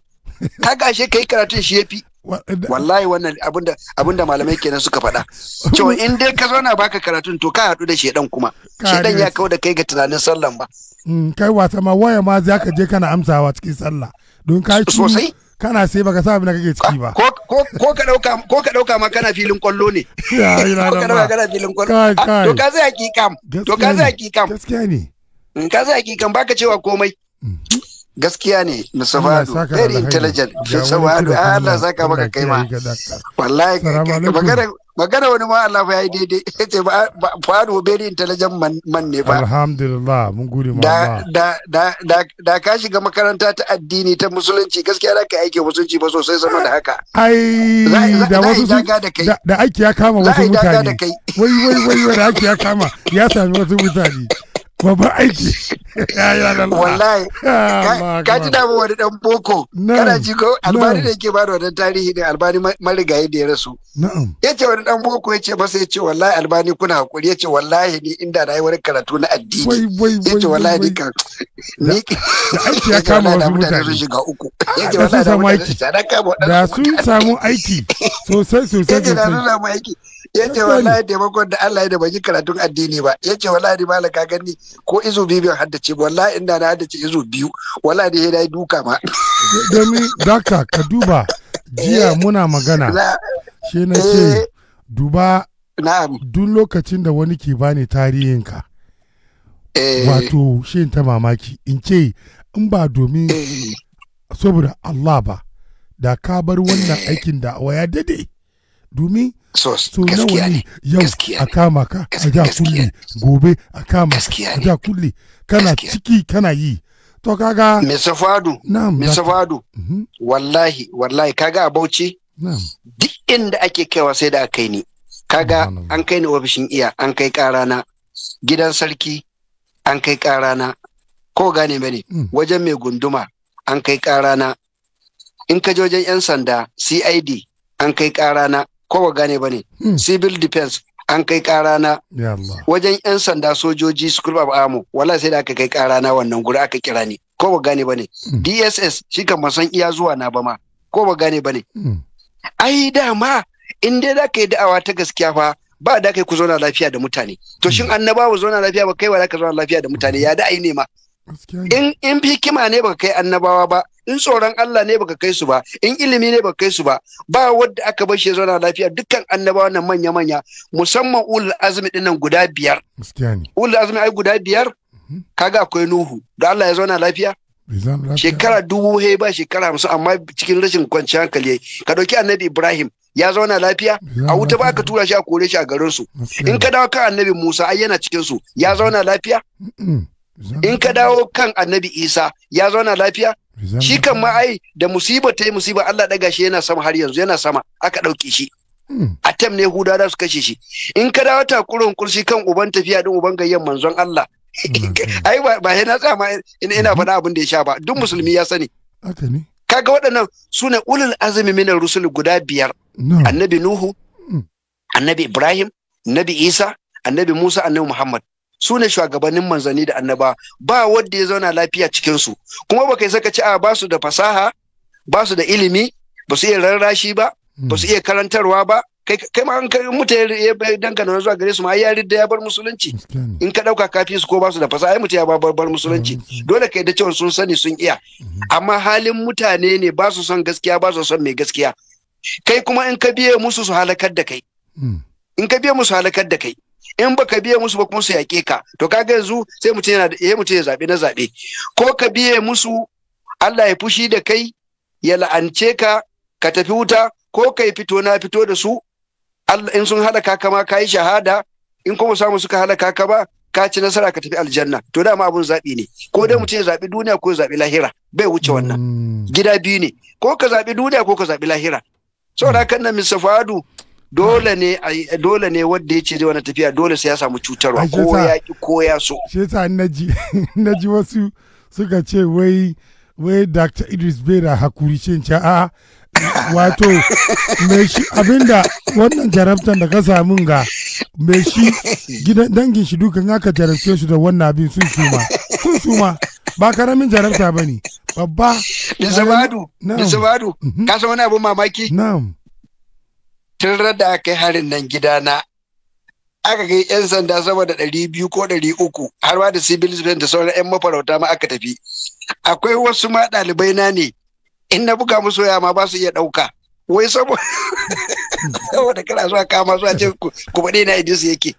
ka gashe kai karatun shi yafi wallahi wannan abinda abinda malamai kenan suka faɗa cewa in dai ka zauna baka karatun to ka haɗu da shedan kuma shedan ya kawo da kai ga tunanin sallan ba
mm, kai wasa ma waya ma za ka je kana amsawa cikin sallah don ka sosai kana sai baka sa abin da kake
ciki ba ko ka dauka ko ka dauka ma kana filin kwallo ne ya ina da ba kana filin kwallo ah, to ka zai hakikam to ka zai hakikam gaskiya ne mm, ka zai hakikam baka cewa komai mm. gaskiya ne musawadu very intelligent musawadu Allah saka maka kai ma wallahi eh, magana magana wani ma Allah ya yi daidai [laughs] ba fadu very intelligent man ne ba
alhamdulillah mun gode ma da
da da da ka shiga makaranta ta addini ta musulunci gaskiya da kai aike musulunci ba sosai sama da haka
ai da wasu da aiki ya kama wasu mutane wai wai wai da aiki ya kama ya sami wasu mutane babban aiki
[laughs] ya yi wallahi ka ji damu wani dan boko kana ji ko albani da yake bada wannan tarihi ne albani marigayi da ya rasu ya ce wani dan boko ya ce masa ya ce wallahi albani kuna hakuri ya ce wallahi ni inda na yi wani karatu na addini ya ce wallahi ni kan
ni da aiki ya kama wasu mutane
ya ce wallahi da
sun samu aiki da sun samu aiki sosai sosai sosai
ya ce wallahi taimakon da Allah ya da baki karatun addini ba ya ce wallahi malam ka gani ko izu biyu bai haddace ba wallahi inda na haddace izu biyu wallahi da ya dai duka ma
[laughs] domin daka ka duba jiya eh. muna magana shi na ce eh. duba duk lokacin da wani ke bani tarihinka eh. wato shi ta mamaki in ce in ba domin saboda Allah ba da ka bar wannan aikin da ya dade domin sos gaskiya ne yau a kama ka a ja gobe a kama a ja kulle kana ciki kana yi
to kaga Mr. Fadu Mr. Fadu mhm. wallahi wallahi kaga a Bauchi duk inda ake kaiwa sai da aka yi ni kaga an kai ni ofishin iya an kai karana gidan sarki an kai karana ko gane mene mm. wajen mai gunduma an kai karana in ka wajen 'yan sanda cid an kai karana ko ba gane ba ne hmm. civil defense an kai kara na wajen yan sanda sojoji school of amo wala sai da aka kai kara na wannan guri aka kira ni ko ba gane ba ne hmm. dss shi kan masan iya zuwa na ba ma ko ba gane ba ne hmm. ai dama in dai da ka yi da'awa ta gaskiya fa ba da kai ku zauna lafiya da mutane to shin annabawa zauna lafiya ba kai ba za ka zauna lafiya da mutane ya da'ai ne ma in in kima ne ba kai annabawa ba in tsoron Allah ne baka kai su ba in ilimi ne baka kai su ba ba wanda aka bar shi zauna lafiya dukkan annabawa nan manya manya musamman ulul azmi dinnan guda biyar ulul azmi ai guda biyar mhm. kaga akwai nuhu da Allah ya zauna lafiya shekara dubu he ba shekara hamsin amma cikin rashin kwanciyar hankali ka dauki annabi ibrahim ya zauna lafiya a wuta ba ka tura shi a kore shi a garin su in ka dawo kan annabi musa ai yana cikin su ya zauna lafiya in ka dawo kan annabi isa ya zauna lafiya shi kan ma'ai da musiba ta yi musiba Allah daga shi yana sama har yanzu yana sama aka ɗauke shi hmm. a tem ne huda da su kashe shi in ka dawo takurin kursi kan uban tafiya din uban gayyan manzon Allah [laughs] ai ba yana tsama ina hmm. faɗa abin da ya sha ba duk musulmi ya sani kaga waɗannan su ne ulul azumi minar rusul guda biyar annabi nuhu hmm. annabi ibrahim annabi isa annabi musa annabi muhammad su ne shugabannin manzanni da annaba ba wanda ya zauna lafiya cikinsu kuma baka yi saka ci a ba su da fasaha ba su da ilimi ba su iya rarrashi ba ba su hmm. iya karantarwa ba kai ma an kai mutai ya bai na zuwa gare su ma ya ridda ya bar musulunci in ka dauka kafi su ko ba su da fasaha ai mutai ya bar bar musulunci hmm, hmm. dole kai da cewa sun sani sun iya amma halin mutane ne ba su son gaskiya ba su son mai gaskiya kai kuma in ka biye musu su halakar da kai in ka biye musu halakar da kai in baka biye musu ba kuma su yaƙe ka to kaga yanzu sai mutum yana da eh, mutum ya zaɓe na zaɓe ko ka biye musu Allah ya fushi da kai ya la'ance ka ka tafi wuta ko ka yi fito na fito da su in sun halaka ka ma ka yi shahada in kuma samu suka halaka ka ba ka ci nasara ka tafi aljanna to dama abun zaɓe ne ko dai mm. mutum ya zaɓe duniya ko ya lahira bai wuce wannan mm. gida biyu ne ko ka zaɓe duniya ko ka zaɓe lahira saboda mm. kan nan Mr. Fadu dole ne dole ne wanda ya ce zai wani tafiya dole sai ya samu cutarwa ko ya ki ko ya so
shi yasa naji [laughs] naji wasu suka ce wai wai Dr. Idris Bera hakuri ce ce a wato me shi abinda wannan jarabtan da ka samu ga me shi gidan dangin shi dukan aka jarabce shi da wannan abin sun suma sun suma ba karamin jarabta bane babba da zabadu da zabadu mhm. ka san wani abun mamaki
na'am tun rada aka yi harin nan gida na, aka kai 'yan sanda sama da ɗari biyu ko ɗari uku har ma da civil defense da sauran 'yan mafarauta ma aka tafi akwai wasu ma ɗalibai na ne in na buga musu ya ma ba su iya ɗauka wai saboda [laughs] kana zuwa kama zuwa ce ku baɗe na idisu yake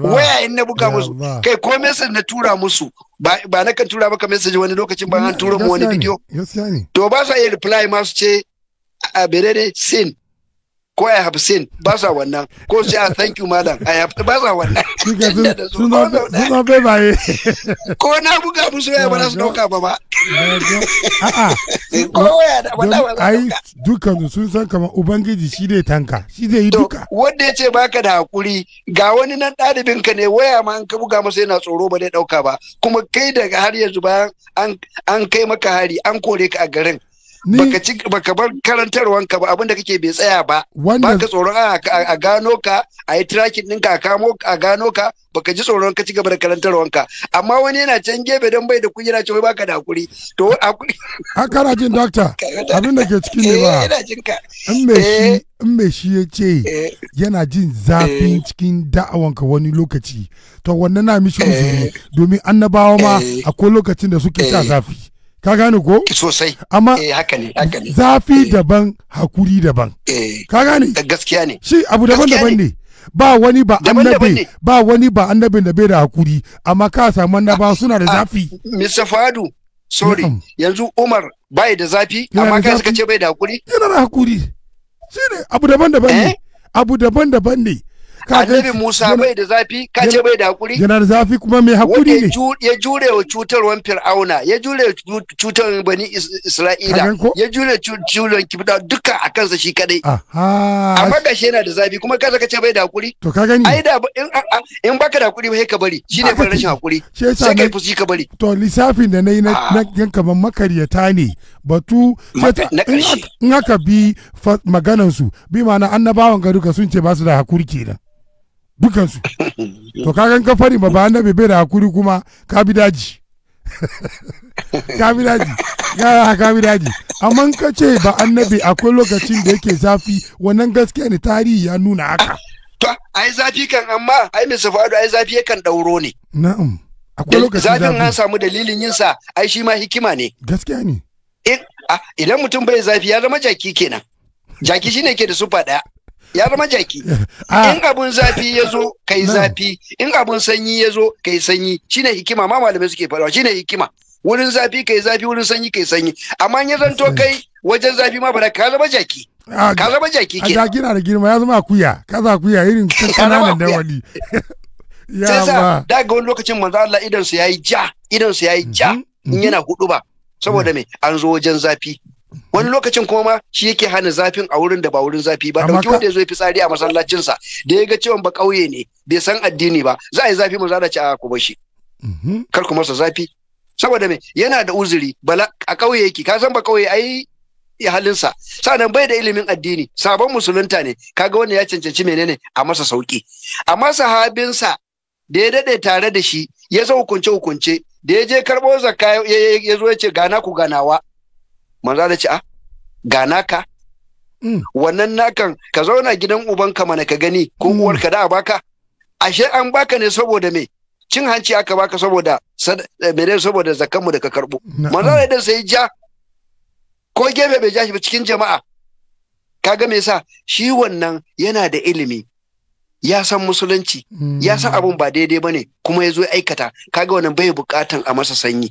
waya in na buga musu kai
ko mesaj na tura musu ba na kan tura maka mesaj wani lokacin ba an tura mu wani bidiyo to ba sa iya reply masu ce a berere sin ko ya have ba sa wannan ko sai a thank you madam I have ba sa wannan [laughs] bai baye ko na buga musu ya ba su dauka ba ba a'a ko waya da ba
ba ai dukkan sun san kamar ubangiji shi ne tanka
shi zai yi duka wanda ya ce baka da hakuri ga wani nan ɗalibin ka ne waya ma an ka buga masa yana tsoro ba zai dauka ba kuma kai daga har yanzu bayan an kai maka hari an kore ka a garin baka ci baka bar karantarwan ka ba abin da kake bai tsaya ba baka tsoron a gano ka a yi tracking ɗinka a kamo a gano ka baka ji tsoron ka ci gaba da karantarwan ka amma wani yana can gefe don bai da kuɗi yana cewa baka da hakuri to hakuri
a [laughs] kana jin doctor [laughs] abin da ke ciki ne ba eh, in me shi eh. in me shi ya ce eh. yana jin zafin cikin da'awanka wani lokaci to wannan na mishi uzuri domin annabawa ma akwai lokacin da suke sa zafi ka gane ko sosai amma eh haka ne haka ne zafi eh. daban hakuri daban eh ka gane eh, gaskiya ne shi abu daban daban ne ba wani ba annabi ba wani ba annabin da bai da hakuri amma ka samu annaba ah, suna da ah, zafi
Mr. Fadu sorry yanzu Umar bai da zafi amma kai suka ce bai da hakuri yana da hakuri shine
abu daban daban ne abu daban daban ne eh? annabi Musa bai da
zafi ka ce bai da hakuri yana da
zafi kuma mai hakuri ne
ya jure wa cutarwan Fir'auna ya jure cutar bani Isra'ila ya jure cutar kibda duka a kansa shi kadai amma ga shi yana da zafi kuma ka ce bai da hakuri to ka gani ai da in baka da hakuri sai ka bari shine ban rashin hakuri [laughs] sai kai fushi ka bari
to lissafin da nayi na ban ah. makaryata ne batu in aka bi maganansu su bi ma'ana annabawan garuka sun ce ba su da hakuri kenan dukansu to kagan ka fari ba ba annabi bai da hakuri kuma ka bi daji [laughs] ka bi daji ya ka bi daji amma ka ce ba annabi akwai lokacin da yake zafi wannan gaskiya ne tarihi ya nuna haka to
ai zafi kan amma ai mai safado ai zafi yakan dauro ne na'am akwai lokacin zafi zafin an samu dalilin yin sa ai shi ma hikima ne gaskiya ne eh, idan mutum bai zafi ya zama jaki kenan jaki shine ke da sufa daya ya zama jaki [laughs] ah. in abun zafi ya zo kai zafi in abun sanyi ya zo kai sanyi shine hikima ma malamai suke shi shine hikima wurin zafi kai zafi wurin sanyi kai sanyi amma ya zanto kai wajen zafi ma bada ka zama jaki ah, ka zama jaki ke a jaki
na da girma ya zama akuya ka za kuya irin kananan da wani
ya ba da ga wani lokacin manzo Allah idan su yayi ja idan su yayi ja mhm, in mhm. yana hudu ba saboda me an zo wajen zafi wani lokacin kuma ma shi yake hana zafin a wurin da ba wurin zafi ba dauki wanda ya zo ya fitsari a masallacinsa da ya ga cewa ba kauye ne bai san addini ba za a yi zafi mu za ci a kuma shi. Mm-hmm. kar ku masa zafi saboda me yana da uzuri bala a kauye yake ka san ba kauye ai halinsa sanan bai da ilimin addini sabon musulunta ne kaga wanda ya cancanci menene a masa sauki amma sahabinsa da ya dade tare da shi ya zo hukunce hukunce da ya je karbo zakka ya zo ya ce gana ku ganawa manza da ce a ah, ga naka mm. wannan nakan ka zauna gidan ubanka mana ka gani ko mm. uwarka da baka ashe an baka ne saboda me cin hanci aka baka saboda eh, mene saboda zakanmu da ka karbo manza da sai ja ko gefe bai ja shi ba cikin jama'a kaga me yasa shi wannan yana da ilimi ya san musulunci mm. ya san abun ba daidai bane kuma ya zo aikata kaga wannan bai bukatan a masa sanyi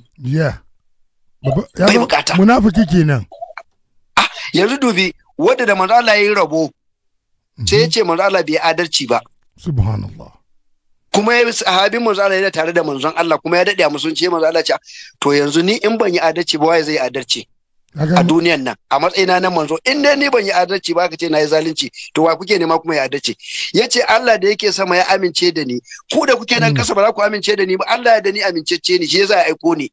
bai bukata munafiki kenan
ah yanzu dubi wanda da manzo Allah yi rabo mhm. sai ya ce manzo Allah bai adalci ba
subhanallah
kuma ya sahabi manzo Allah yana tare da manzon Allah kuma ya dade a ce manzo Allah ce to yanzu ni in ban yi adalci ba wai zai adalci a duniyan nan a matsayina na manzo in dai ni ban yi adalci ba ka ce na yi zalunci to wa kuke nema kuma ya adalci ya ce Allah da yake sama ya amince da ni ku da kuke nan kasa mm. ba za ku amince da ni ba Allah da ni amincece ni shi ya aiko ni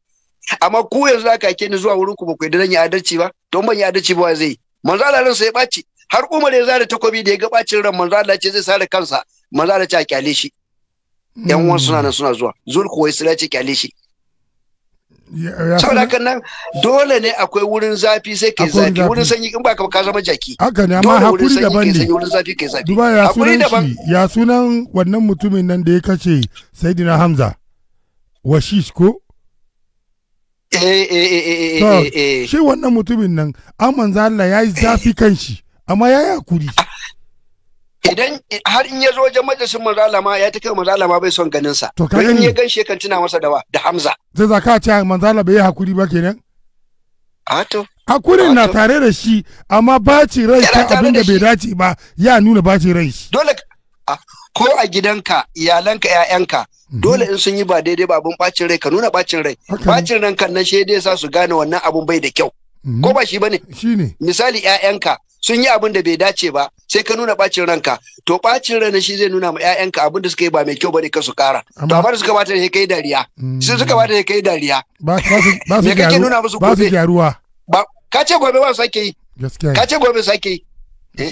amma ku yanzu za ka ni zuwa wurin ku ba ku yi dan ya adalci ba don ban ya adalci ba zai manzo Allah ransa ya ɓaci har Umar ya zare takobi da ya ga bacin ran manzo Allah ce zai sare kansa manzo Allah ce a kyale shi yan uwan suna nan suna zuwa zulku wai sila ce kyale shi saboda kan nan dole ne akwai wurin zafi sai kai zafi wurin sanyi in ba ka zama jaki haka ne amma hakuri daban ne wurin zafi kai zafi duba ya sunan shi
ya sunan wannan mutumin nan da ya kace sayyidina Hamza washish ko
Eh, eh, eh, shi
wannan mutumin nan amman Allah ya yi zafi kan shi amma ya yi hakuri
idan har in ya zo wajen majalisin manzala ya ta kai manzala bai son ganin sa to kai in ya ganshi kan tuna masa da wa da Hamza
zai za ka ce manzala bai yi hakuri ba kenan a to hakurin na tare da shi amma bacin rai kan abin da bai dace ba ya nuna bacin rai shi
dole ko a gidanka iyalanka ƴaƴanka. Mhm. dole in sun yi ba daidai ba abun bacin rai ka nuna bacin rai bacin ran kan nan shi ya sa su gane wannan abun bai da kyau mhm. ko ba shi bane misali ƴaƴanka sun yi abin da bai dace ba sai ka nuna bacin ranka to bacin ran shi zai nuna ma ƴaƴanka abin da suka yi ba mai kyau bane ka su kara to amma suka bata ne kai dariya mhm. sun suka bata ne kai dariya ba
su ba su kake nuna musu ba su gyaruwa
ba ka ce gobe ba su sake yi gaskiya ka ce gobe sake yi eh?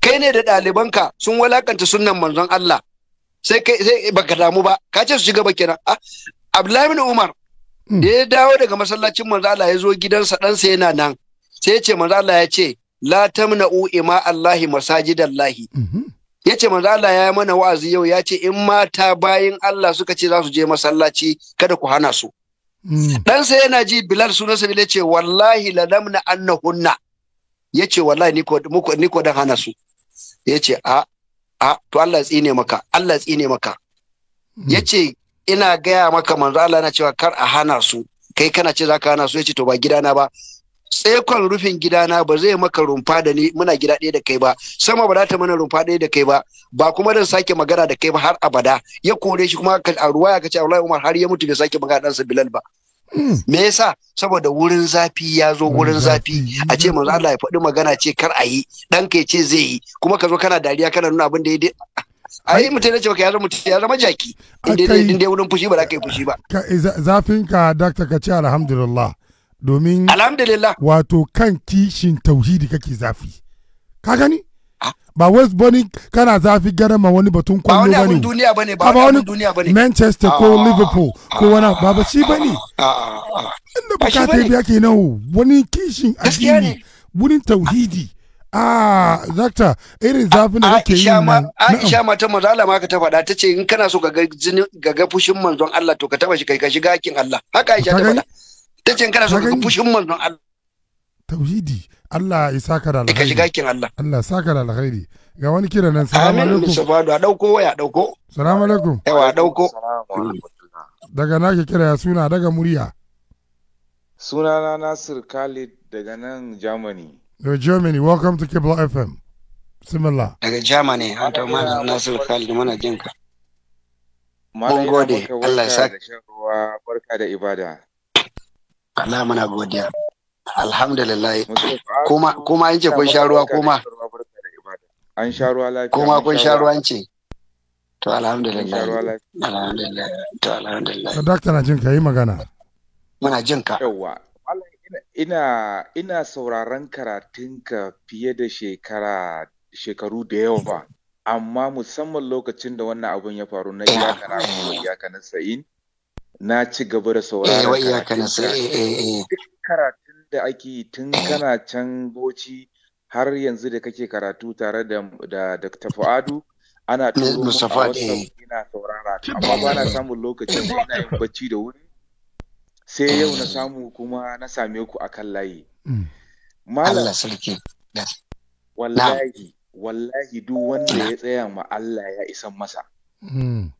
kai ne da ɗalibanka sun walakanta sunnan manzon Allah sai kai sai baka damu ba ka ce su shiga ba kenan Ah Abdullahi Umar hmm. da ya dawo daga masallacin manzo Allah ya zo gidansa ɗansa yana nan sai ya ce manzo Allah ya ce la tamna'u ima Allahi masajidallahi mhm. ya ce manzo Allah ya mana wa'azi yau ya ce in mata bayin Allah suka ce za su je masallaci kada ku hana su hmm. ɗansa yana ji Bilal sunansa ya ce wallahi la lamna annahunna ya ce wallahi ni ko dan hana su ya ce a ah, a to Allah tsine maka Allah tsine maka hmm. yace ina gaya maka manzo Allah na cewa kar a hana su kai kana ce zaka hana su yace to ba gidana ba tsekon rufin gidana ba zai maka rumfa da ni muna gida ɗaya da kai ba sama ba za ta mana rumfa ɗaya da kai ba ba kuma zan sake magana da kai ba har abada ya kore shi kuma a ruwa ya kace Allah Umar har ya mutu bai sake magana ɗansa Bilal ba me yasa saboda wurin zafi ya zo wurin zafi a ce manzo Allah ya faɗi magana ce kar a yi dan kai ce zai yi kuma ka zo kana dariya kana nuna abin da ya dai. ai mutum ya ce ya zama ya zama jaki in dai wurin fushi ba za ka yi fushi ba
zafin ka dakta eh, ka ce alhamdulillah domin alhamdulillah wato kan kishin tauhidi kake zafi ka gani ba west boni kana zafi garama wani batun kwallo ba ne
bane ba wani duniya bane
manchester ko ah, liverpool ko wani ah, ba ba shi ah, bane
inda
bukata ya biya kenan wani kishin addini wani tauhidi Ah, zakta irin zafin da kake yi ma.
Aisha ma ta manzo ma ka ta faɗa ta ce in kana so ka ga fushin manzon Allah to ka taba shi kai ka shiga hakin Allah. Haka Aisha ta faɗa. Ta ce in kana so ka ga fushin manzon Allah.
Tauhidi. Allah ya saka da alkhairi. Ka shiga Allah. Allah saka da alkhairi. Ga wani kira nan salamu alaikum. Amin
Shabadu a dauko waya dauko. Salamu alaikum.
Yawa dauko.
Daga na ke kira suna daga murya.
Suna na Nasir Khalid daga nan Germany.
Yo Germany, welcome to Kibla FM. Simila.
Daga Germany, hanta mana Nasir Khalid mana jinka.
Mun gode, Allah ya saka.
Barka da ibada. Allah mana godiya. alhamdulillahi kuma an ce kun sha ruwa kuma an
sha ruwa lafiya kuma kun sha
ruwa ce to alhamdulillahi alhamdulillahi to alhamdulillah
na jin ka yi magana
muna jin ka ina ina sauraron karatunka fiye da shekara shekaru da yawa amma musamman lokacin da wannan abun ya faru na iyaka na iyaka na sa'in na ci gaba da eh, sauraron karatun yadda ake yi tun kana can boci har yanzu da kake karatu tare da da Dr. Fuadu ana turo mu a wasu eh. ina saurara amma ba na samun lokacin da ina yin bacci da wuri sai yau na samu kuma na same ku akan layi mm. Allah sarki wallahi wallahi duk wanda ya tsaya ma Allah ya isan masa mm.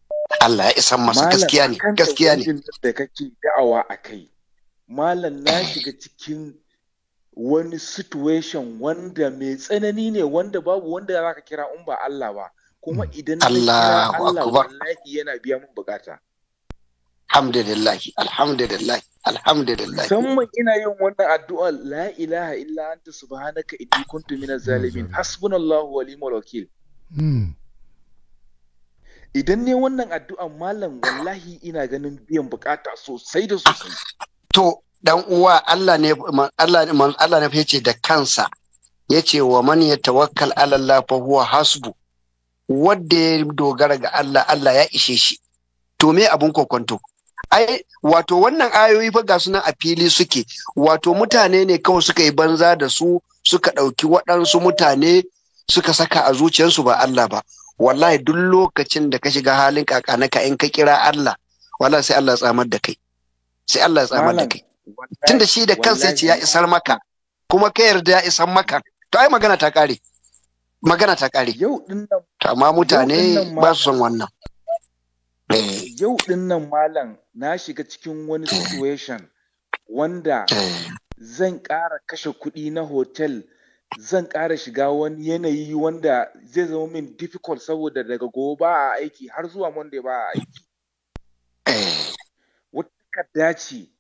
Allah ya isan masa gaskiya ne gaskiya ne da kake da'awa akai malam na shiga cikin wani situation wanda mai tsanani ne wanda babu wanda za ka kira in ba Allah ba kuma hmm. idan na kira Allah wallahi yana biya min bukata alhamdulillah
alhamdulillah alhamdulillah musamman
ina yin wannan addu'a la ilaha illa anta subhanaka inni kuntu minaz zalimin hmm. hasbunallahu wa ni'mal wakil hmm. idan ne wannan addu'a malam wallahi ina ganin biyan bukata sosai da sosai to dan
uwa Allah ne Allah ne yace da kansa ya ce wa man ya tawakkal Allah fa huwa hasbu wadda ya dogara ga Allah Allah ya ishe shi to me abun kokonto ai wato wannan ayoyi fa ga sunan a fili suke wato mutane ne kawai suka yi banza da su suka ɗauki waɗansu mutane suka saka a zuciyarsu ba Allah ba wallahi duk lokacin da ka shiga halin kaka na ka in ka kira Allah wallahi sai Allah tsamar da kai sai Allah ya tsamar da kai
tunda shi da kansa ya ce ya
isar maka kuma ka yarda ya isar maka to ai magana ta kare magana ta kare yau din nan amma mutane ba su son wannan
eh. yau din nan malam na shiga cikin wani eh. situation wanda eh. zan ƙara kashe kuɗi na hotel zan ƙara shiga wani yanayi wanda zai zama min difficult saboda daga gobe ba a aiki har zuwa monday ba a aiki takarda ce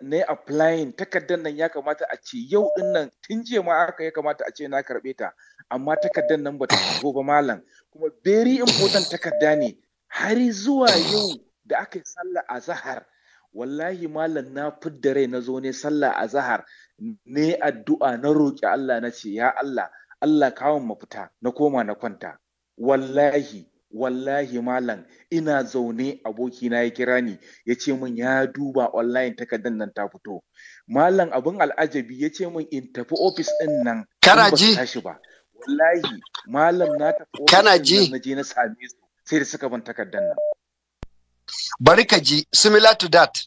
na applying takardar nan ya kamata a ce yau din nan tun jiya ma aka ya kamata a ce na karbe ta amma takardar nan ba ta zo ba malam kuma very important takarda ne har zuwa yau da aka yi sallah a zahar wallahi malam na fidda rai na zo ne sallah a zahar ne addu'a na roƙi Allah na ce ya Allah Allah kawon mafita na koma na kwanta wallahi wallahi malam ina zaune abokina ya kira ni ya ce min ya duba online takardar nan ta fito malam abin al'ajabi ya ce min in tafi ofis din nan kana ji tashi ba wallahi malam na tafi kana ji na je na same su sai da suka bin takardar nan bari ka ji similar to that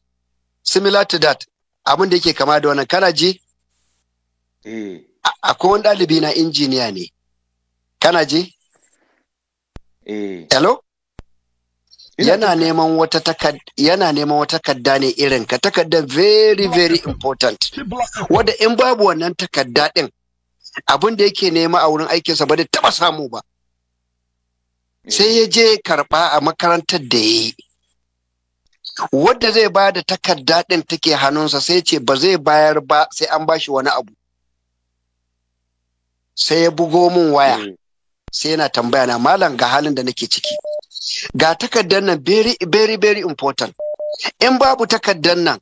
similar
to that abin da yake kama da wannan kana ji eh akwai wani ɗalibi na injiniya ne kana ji Eh. hello yana neman wata takad yana neman wata takadda ne irin ka Takadda very very important wanda in babu wannan takadda din abin da yake nema a wurin aikinsa ba da taba samu ba eh. sai ya je karba a makarantar da ya yi wadda zai ba da takarda ɗin take hannunsa sai ce ba zai bayar ba sai an bashi wani abu sai ya bugo min waya eh. sai yana tambaya na malam ga halin da nake ciki ga takardar nan very very very important in babu takardar nan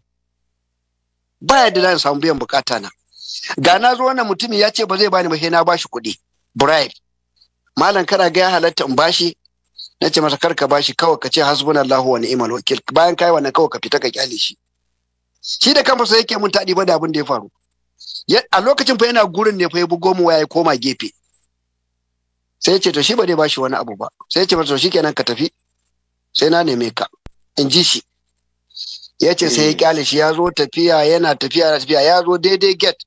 baya da zan samu biyan bukata na ga na zo wannan mutumi ya ce ba zai bani ba sai na bashi kuɗi bribe malam kana ga ya halatta in bashi na ce masa karka bashi kawai ka ce hasbunallahu wa ni'mal wakil bayan kai wannan kawai ka fita ka kyale shi shi da kanfa sai yake mun taɗi ba da abin da ya faru a lokacin fa yana gurin ne fa ya bugo mu waya ya koma gefe sai ya ce to shi ba zai bashi wani abu ba sai ya ce masa to kenan ka tafi sai na neme ka in ji shi ya ce sai ya eh. kyale shi ya zo tafiya yana tafiya yana tafiya ya zo daidai gate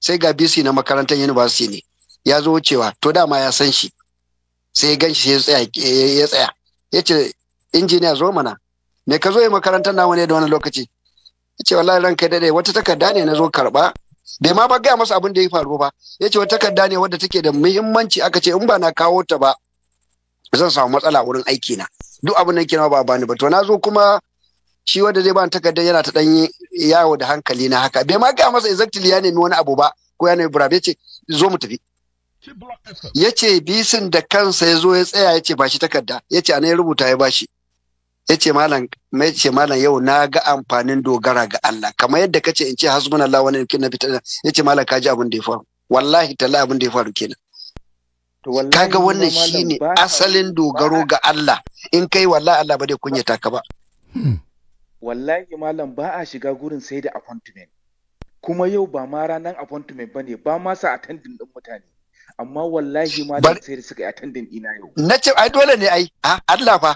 sai ga bc na makarantar university ne ya zo cewa to dama ya san shi sai ya gan shi eh, ya tsaya ya ce injiniya zo mana me ka zo yi makarantar namu ne da wani lokaci ya ce wallahi ranka daidai wata takarda ne na zo karba. bai ma ba gaya masa abin da ya faru ba ya ce wata takarda ne wadda take da muhimmanci aka ce in ba na kawo ta ba zan samu matsala wurin aiki na duk abin da kina ba bani ba to na zo kuma shi wanda zai bani takardar yana ta danyi yawo da hankali na haka bai ma gaya masa exactly ya nemi wani abu ba ko ya nemi burabe ya ce zo mu tafi ya ce bisin da kansa ya zo ya tsaya ya ce ba shi takarda ya ce ana ya rubuta ya ba shi. ya ce malam mai ce malam yau na ga amfanin dogara ga Allah kamar yadda kace in ce Hasbuna wani wa na fita ya ce malam kaji abin da ya faru wallahi talla abin da ya faru kenan kaga wannan shine asalin dogaro ga Allah in kai wallahi Allah ba zai kunyata ka ba hmm.
wallahi malam ba a shiga gurin sai da appointment kuma yau ba ma ranar appointment bane ba ma sa attending din mutane amma wallahi malam sai da suka attending ina yau na
ce ai dole ne ai Allah fa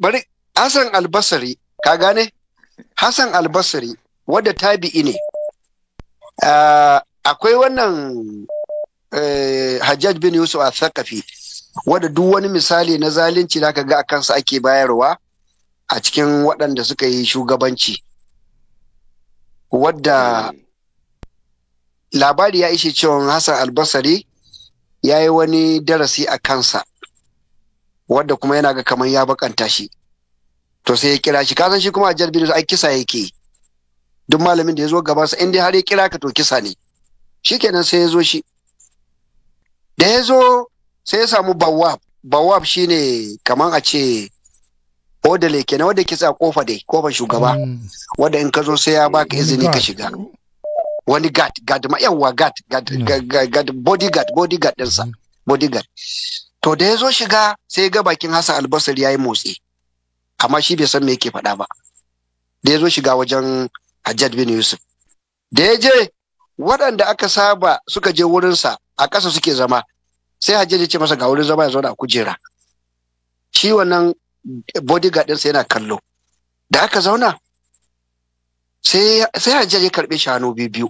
bari Hassan Albasari ka gane Hassan Albasari wadda tabi'i ne uh, akwai wannan uh, Hajjaj bin Yusuf a Thakafi wadda duk wani misali na zalunci da aka ga a kansa ake bayarwa a cikin waɗanda suka yi shugabanci wadda hmm. labari ya ishe cewa Hassan Albasari ya yi wani darasi a kansa wadda kuma yana ga kamar ya bakanta shi to sai ya kira shi kasan shi kuma ajiyar bidiyo ai kisa yake duk malamin da ya zo gaba sa inda har ya kira ka to kisa ne shikenan sai ya zo shi da ya zo sai ya samu bawab bawab shine kaman a ce odale kenan wanda kisa kofa dai kofar shugaba hmm. wanda in ka zo sai ya baka izini ka shiga wani gad, gad ma yawa guard gad, hmm. bodyguard bodyguard ɗinsa hmm. bodyguard to da ya zo shiga sai ga bakin Hassan Albasir ya yi motsi amma shi bai san me yake faɗa ba da ya zo shiga wajen hajjad bin Yusuf da ya je waɗanda aka saba suka je wurinsa a ƙasa suke zama sai hajjad ya ce masa ga wurin zama ya zauna a kujera shi wannan bodyguard ɗinsa yana kallo da aka zauna sai hajjad ya karɓe shanu hannu biyu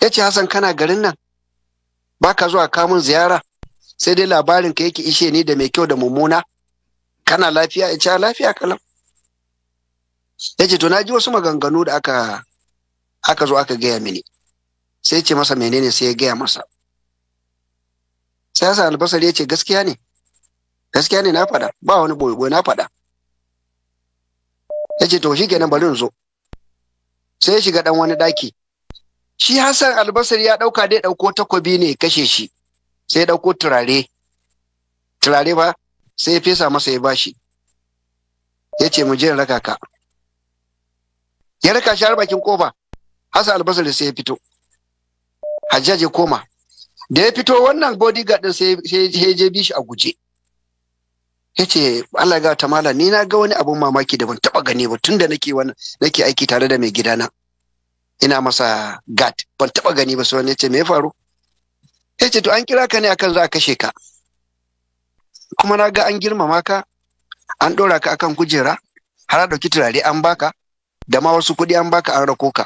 ya ce Hassan kana garin nan Ba ka zuwa kamun ziyara sai dai labarin ka yake ishe ni da mai kyau da mummuna kana lafiya ya ce lafiya kalam ya ce to na ji wasu maganganu da aka aka zo aka gaya mini sai ce masa menene sai ya gaya masa sai Hassan albasari ya ce gaskiya ne gaskiya ne na faɗa ba wani boye na faɗa ya ce to shi kenan bari in zo sai ya shiga dan wani daki shi Hassan albasari ya ɗauka dai ɗauko takobi ne kashe shi sai ya ɗauko turare turare ba sai ya fesa masa ya bashi ya ce mu je raka ka ya raka shi har bakin kofa hasa albasar sai ya fito hajjaj ya koma da ya fito wannan bodyguard din sai ya je bi shi a guje ya ce Allah ga ta mala ni na ga wani abun mamaki da ban taba gani ba tunda nake wannan nake aiki tare da mai gidana ina masa guard. ban taba gani ba sai ya ce me ya faru ya ce to an kira ka ne akan za a kashe ka kuma na ga an girmama ka an ɗora ka akan kujera har a ɗauki turare an baka da ma wasu kuɗi an baka an rako ka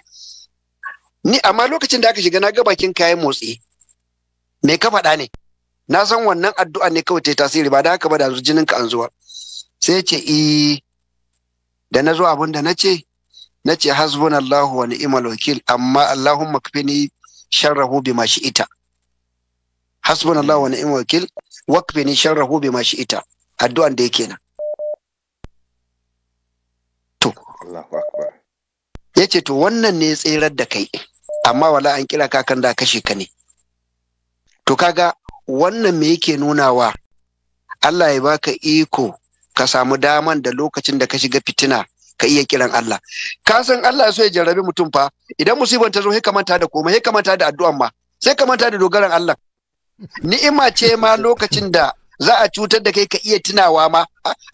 ni amma lokacin da aka shiga na ga bakin kayan motsi me ka faɗa ne na san wannan addu'a ne kawai ta tasiri ba da haka ba da jinin ka an zuwa sai ce i eh, da na zo abin da na ce na ce hasbunallahu wa ni'mal wakil amma allahumma kfini sharrahu bima shi'ita Allah wa mm. ni'mal wakil ni sharrahu mashi ita. addu'an da yake nan to yace to wannan ne tsirar da kai amma wala an kira ka kan da kashe ka ne to kaga wannan me yake nunawa Allah ya baka iko ka samu daman da lokacin da ka shiga fitina ka iya kiran Allah ka san Allah so ya jarrabe mutum fa idan musibar ta zo he ka da komai he ka da addu'an ma sai ka manta da dogaran Allah ni'ima ce ma lokacin da za a cutar da kai ka iya tunawa ma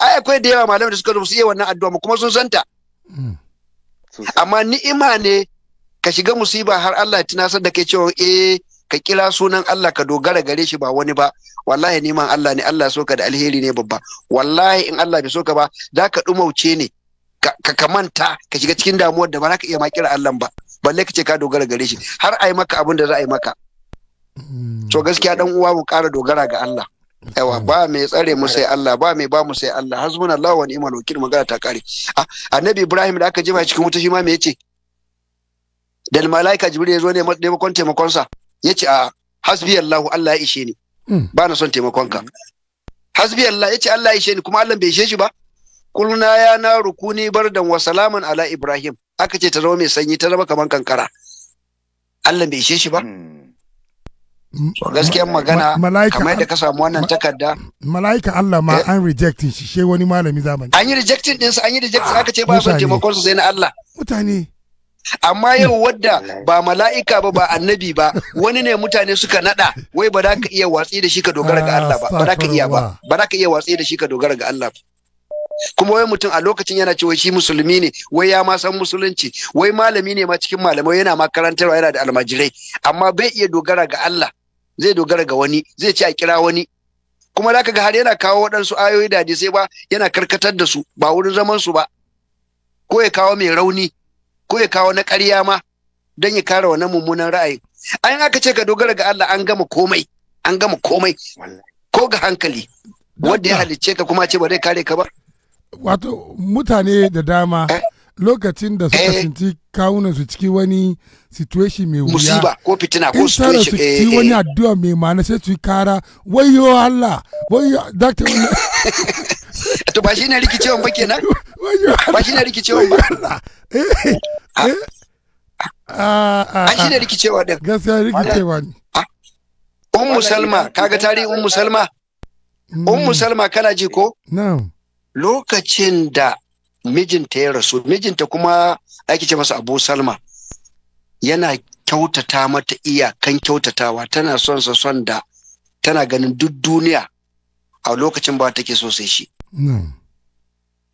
ai akwai da yawa malamai da suka rubuta iya wannan addu'a kuma sun santa mm. amma ni'ima ne ka shiga musiba har Allah ya tunasar da kai cewa eh ka kira sunan Allah ka dogara gare shi ba wani ba wallahi neman Allah ne Allah soka da alheri ne babba wallahi in Allah bai soka ba za ka dumauce ne ka manta ka shiga cikin damuwar da ba za ka iya ma kira Allah ba balle ka ce ka dogara gare shi har a yi maka abin da za a maka so gaskiya dan uwa mu ƙara dogara ga Allah yawa ba mai tsare mu sai Allah ba mai ba mu sai Allah hasbuna Allah wa ni'mal wakil magana ta kare ah, annabi Ibrahim da aka jima cikin wuta shi ma me yace dal malaika jibril yazo ne maimakon taimakon sa yace a ah, hasbi Allah Allah ya ishe ni hmm. ba na son taimakon ka hasbi Allah yace Allah ya ishe ni kuma Allah bai ishe shi ba kulna ya na rukuni bardan wa salaman ala Ibrahim aka ce ta zama mai sanyi ta zama kaman kankara Allah bai ishe shi ba hmm. gaskiyar magana kamar da ka samu wannan takarda
mala'ika Allah ma eh, an rejectin shi she wani malami zamani
an yi rejectin ɗinsa an yi rejectin aka ce ba son taimakon sai na Allah mutane amma yau wadda ba mala'ika ba ba annabi ba wani ne mutane suka nada wai ba za ka iya watsi da shi ka dogara ga Allah ba ba za ka iya ba ba za ka iya watsi da shi ka dogara ga Allah ba kuma wai mutum a lokacin yana cewa shi musulmi ne wai ya ma san musulunci wai malami ne ma cikin malamai yana ma karantarwa yana da almajirai amma bai iya dogara ga Allah zai dogara ga wani zai ce a kira wani kuma za ka ga har yana kawo waɗansu ayoyi da Sai ba yana karkatar da su ba wurin zaman su ba ko ya kawo mai rauni ko ya kawo na ƙarya ma don ya kare wannan mummunan ra'ayi an aka ce ka dogara ga Allah an gama komai an gama komai ko ga hankali wanda ya halicce ka kuma ce ba zai kare ka ba
wato mutane da dama eh? lokacin da suka eh. tsinci kawunan su ciki wani situation mai wuya musiba ko fitina ko situation su eh, ci wani eh. addu'a mai ma'ana sai su yi kara wayo Allah wayo doctor
[laughs] to ba shi ne rikicewan ba kenan [laughs] ba shi ne rikicewan ba an [laughs] eh ah. Ah, ah, ne rikicewa din gaskiya rikicewa ne ummu salma kaga tarihin ummu salma hmm. ummu salma kana ji ko na'am lokacin da mijinta ya rasu mijinta kuma ake ce masa abu salma yana kyautata mata iyakan kyautatawa tana son sa son da tana ganin duk duniya a lokacin ba take so sai shi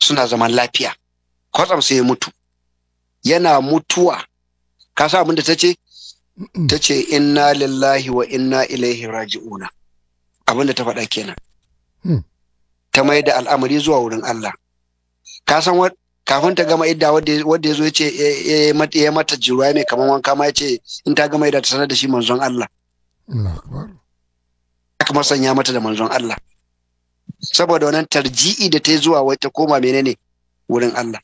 suna zaman lafiya kwatsam sai ya mutu yana mutuwa ka sa abin ta ce ta ce inna lillahi wa inna ilaihi raji'una abin da ta faɗa kenan hmm. ta mai da al'amari zuwa wurin Allah ka san kafin ta gama idda wadda ya zo ce ya mata jiruwa mai kamar wanka ma ya ce in ta gama idda ta sanar da shi manzon Allah. Aka masanya mata da manzon Allah. Saboda wannan tarji'i da ta yi zuwa wai ta koma menene wurin Allah.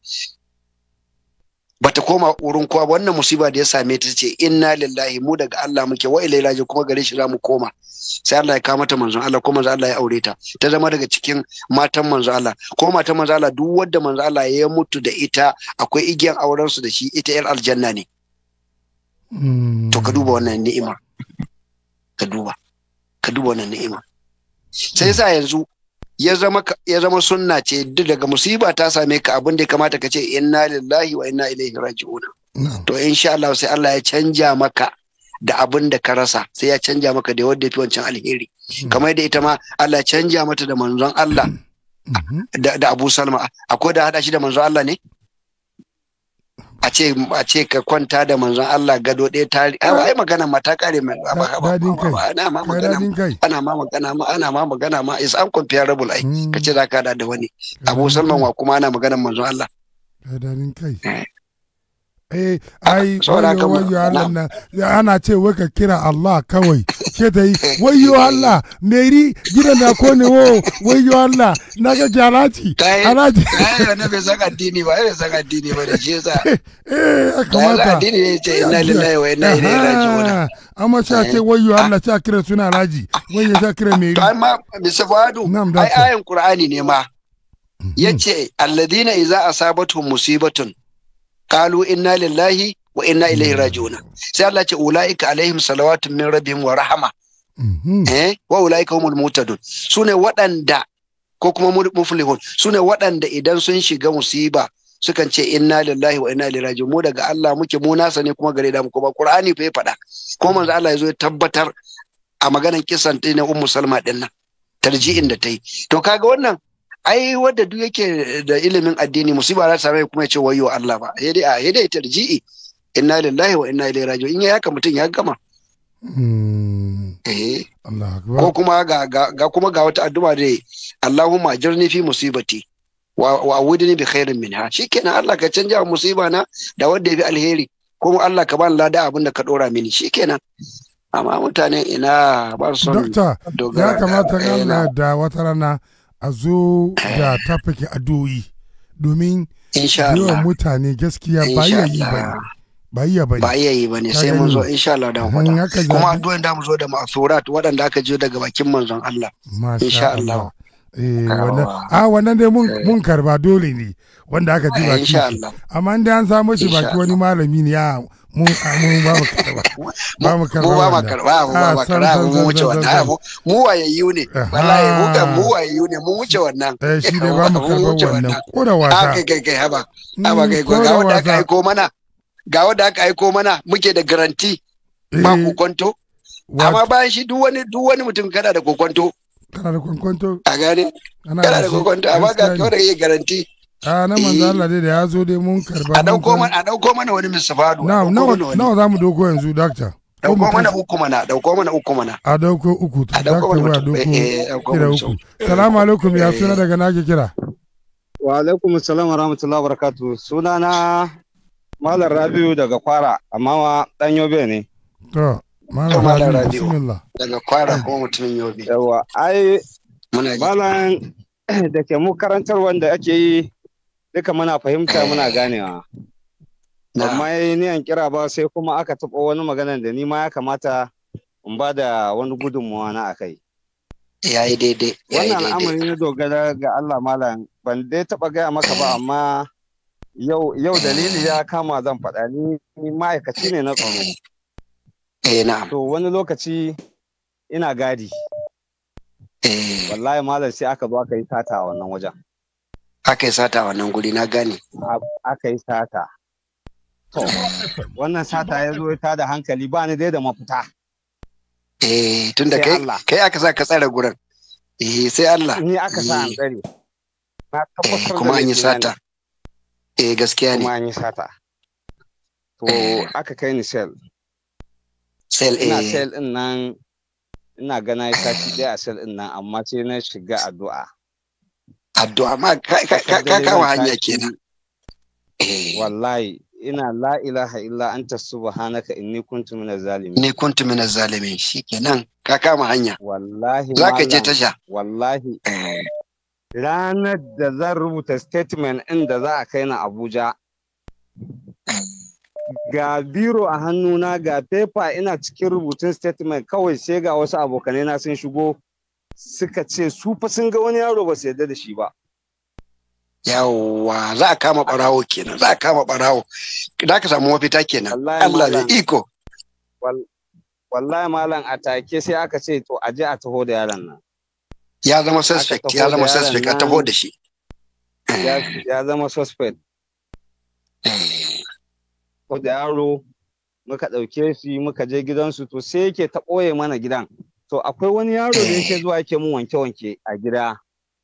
bata koma wurin kowa wannan musiba da ya same ta ce inna lillahi mu daga Allah muke wa ilaihi raji kuma gare shi za mu koma sai Allah ya kawo mata manzon Allah ko manzon Allah ya aure ta ta zama daga cikin matan manzon Allah ko matan manzon Allah duk wanda manzon Allah ya mutu da ita akwai igiyan auren su da shi ita yar aljanna ne hmm. to ka duba wannan ni'ima ka duba ka duba wannan ni'ima sai yasa yanzu ya zama ya zama sunna ce duk daga musiba ta same ka abin da ya kamata ka ce inna lillahi wa inna ilaihi raji'un to insha Allah sai Allah ya canja maka da abin da ka rasa sai ya canja maka da wanda fi wancan alheri mm. kamar da ita ma Allah ya canja mata da manzon Allah
mm-hmm.
da Abu Salma akwai da hada shi da manzon Allah ne a ce a ce ka kwanta da manzon Allah gado ɗaya tari a ai magana ma ta kare mai
ba ba ana
ma magana ana ma magana ma ana ma magana ma is an comparable ai hmm. kace zaka da wani Abu Salman wa kuma ana magana manzon Allah
eh ai wayo wayo Allah na ana ce wai ka kira Allah kawai [laughs] ke ta yi wayo Allah meri gidan na ko ne wo wayo Allah na ga jaraji alaji na
wannan bai san dini ba bai saka dini ba da [laughs] eh aka eh kamata dini ne ce inna lillahi wa inna ilaihi raji'un
amma sai ce eh. wayo Allah ah.
sai kira suna alaji wayo sai kira meri kai ma bisa fadu ai ayin qur'ani ne ma mm-hmm. yace alladina iza asabatuhum musibatun qalu inna lillahi wa inna ilaihi rajiuna sai Allah ce ulaika alaihim salawatun min rabbihim wa rahama mhm. eh wa ulaika humul mutadun sune waɗanda ko kuma muflihun sune waɗanda idan sun shiga musiba sukan ce inna lillahi wa inna ilaihi raji'un mu daga Allah muke mu nasa ne kuma gare da mu kuma Qur'ani fa ya faɗa ko manzo Allah ya zo ya tabbatar a maganan kisan ɗin na ummu salma ɗin tarji'in da ta yi to kaga wannan ai wadda duk yake da ilimin addini musiba za ta same kuma ya ce wayo Allah ba ya dai ya dai tarji'i inna lillahi wa inna ilaihi raji'un in ya haka mutum ya gama
hmm. eh. ko
kuma ga kuma ga wata addu'a da Allahumma ajirni fi musibati wa awudni bi khairin minha shikenan Allah ka canja musiba na da wanda ya fi alheri kuma Allah ka bani lada abinda ka dora mini shikenan amma mutane ina ba su son dogara ya
kamata Allah da wata rana a zo da tafake doyi domin yawan mutane gaskiya ba iya yi ba ba iya ba ba iya yi ba ne sai mun zo
insha Allah da faɗa kuma addu'an da mu zo da ma'surat waɗanda aka jiyo daga bakin manzon Allah insha Allah
eh wannan a ah, wannan dai mun eh. mun karba dole ne wanda aka ji eh, Allah amma inda an samu shi baki wani malami ne ya Ah, mu mu ba mu karba [laughs] ba mu karba ba mu karba ba mu karba mu ah, wuce wannan
mu wayayyu ne eh, wallahi mu kan mu ah. wayayyu ne mu wuce wannan eh shi ne ba mu [laughs] karba wannan ko da wata kai kai kai haba mm, haba kai ko ga wanda aka aiko mana ga wanda aka aiko mana muke da garanti ba ku eh. kwanto amma bayan shi duk wani duk wani mutum kana da kokonto kana da kokonto a gane kana da kokonto amma ga kawai da garanti
a ah, na manzo Allah dai da ya zo dai mun
karba a dauko mana a dauko mana wani Mr. Fadu
na na za mu dauko yanzu doctor dauko mana
uku mana dauko mana uku mana
a dauko uku to doctor ba dauko eh, kira uku salamu alaikum ya eh. suna daga nake kira
wa alaikum assalam wa rahmatullahi wa barakatuh na Malam Rabiu daga Kwara amma wa dan Yobe ne
to Malam Rabiu bismillah
daga Kwara ko mutumin Yobe yawa ai malam [clears throat] da ke mu karantar wanda ake yi duka muna fahimta muna ganewa amma ah. yayi niyan kira ba sai kuma aka taɓa wani magana da ni ma ya kamata in ba da wani gudunmuwa na akai ya yi daidai wannan al'amari ya dogara ga Allah malam ban dai taɓa gaya maka ba [clears throat] amma yau yau dalili ya kama zan faɗa ni ma'aikaci ne na tsaro eh na. to wani lokaci ina gadi eh. wallahi malam sai aka zo aka yi tata a wannan wajen
aka yi sata wannan guri na gane
aka yi sata wannan sata ya zo ta da hankali ba ni dai da mafita
eh tun da kai kai aka sa ka tsare gurin eh sai Allah ni aka sa an eh. tsare Eh, kuma an yi sata eh gaskiya ne kuma an yi sata
to eh. aka kai ni sel sel eh ina sel din nan ina gana sati daya a sel din nan amma sai na shiga addu'a
addu'a ma ka kama hanya kenan
eh. wallahi ina la ilaha illa anta subhanaka inni kuntu minaz zalimin ni
kuntu minaz zalimin shikenan
ka kama hanya wallahi zaka je tasha wallahi eh. ranar da zan rubuta statement din da za a kai na Abuja ga biro a hannuna ga paper ina cikin rubutun statement kawai sai ga wasu abokanai na sun shigo suka ce su fa sun ga wani yaro ba su yarda da shi ba
yawwa za a kama barawo kenan za a kama barawo za ka samu mafita kenan Allah da iko
wallahi malam a take sai aka ce to a je a taho da yaron nan
ya zama suspect ya zama suspect a taho da shi
ya zama suspect ko eh. da yaro muka ɗauke shi muka je gidansu to sai yake ta ɓoye mana gidan To akwai wani yaro da yake zuwa yake mun wanke-wanke a gida.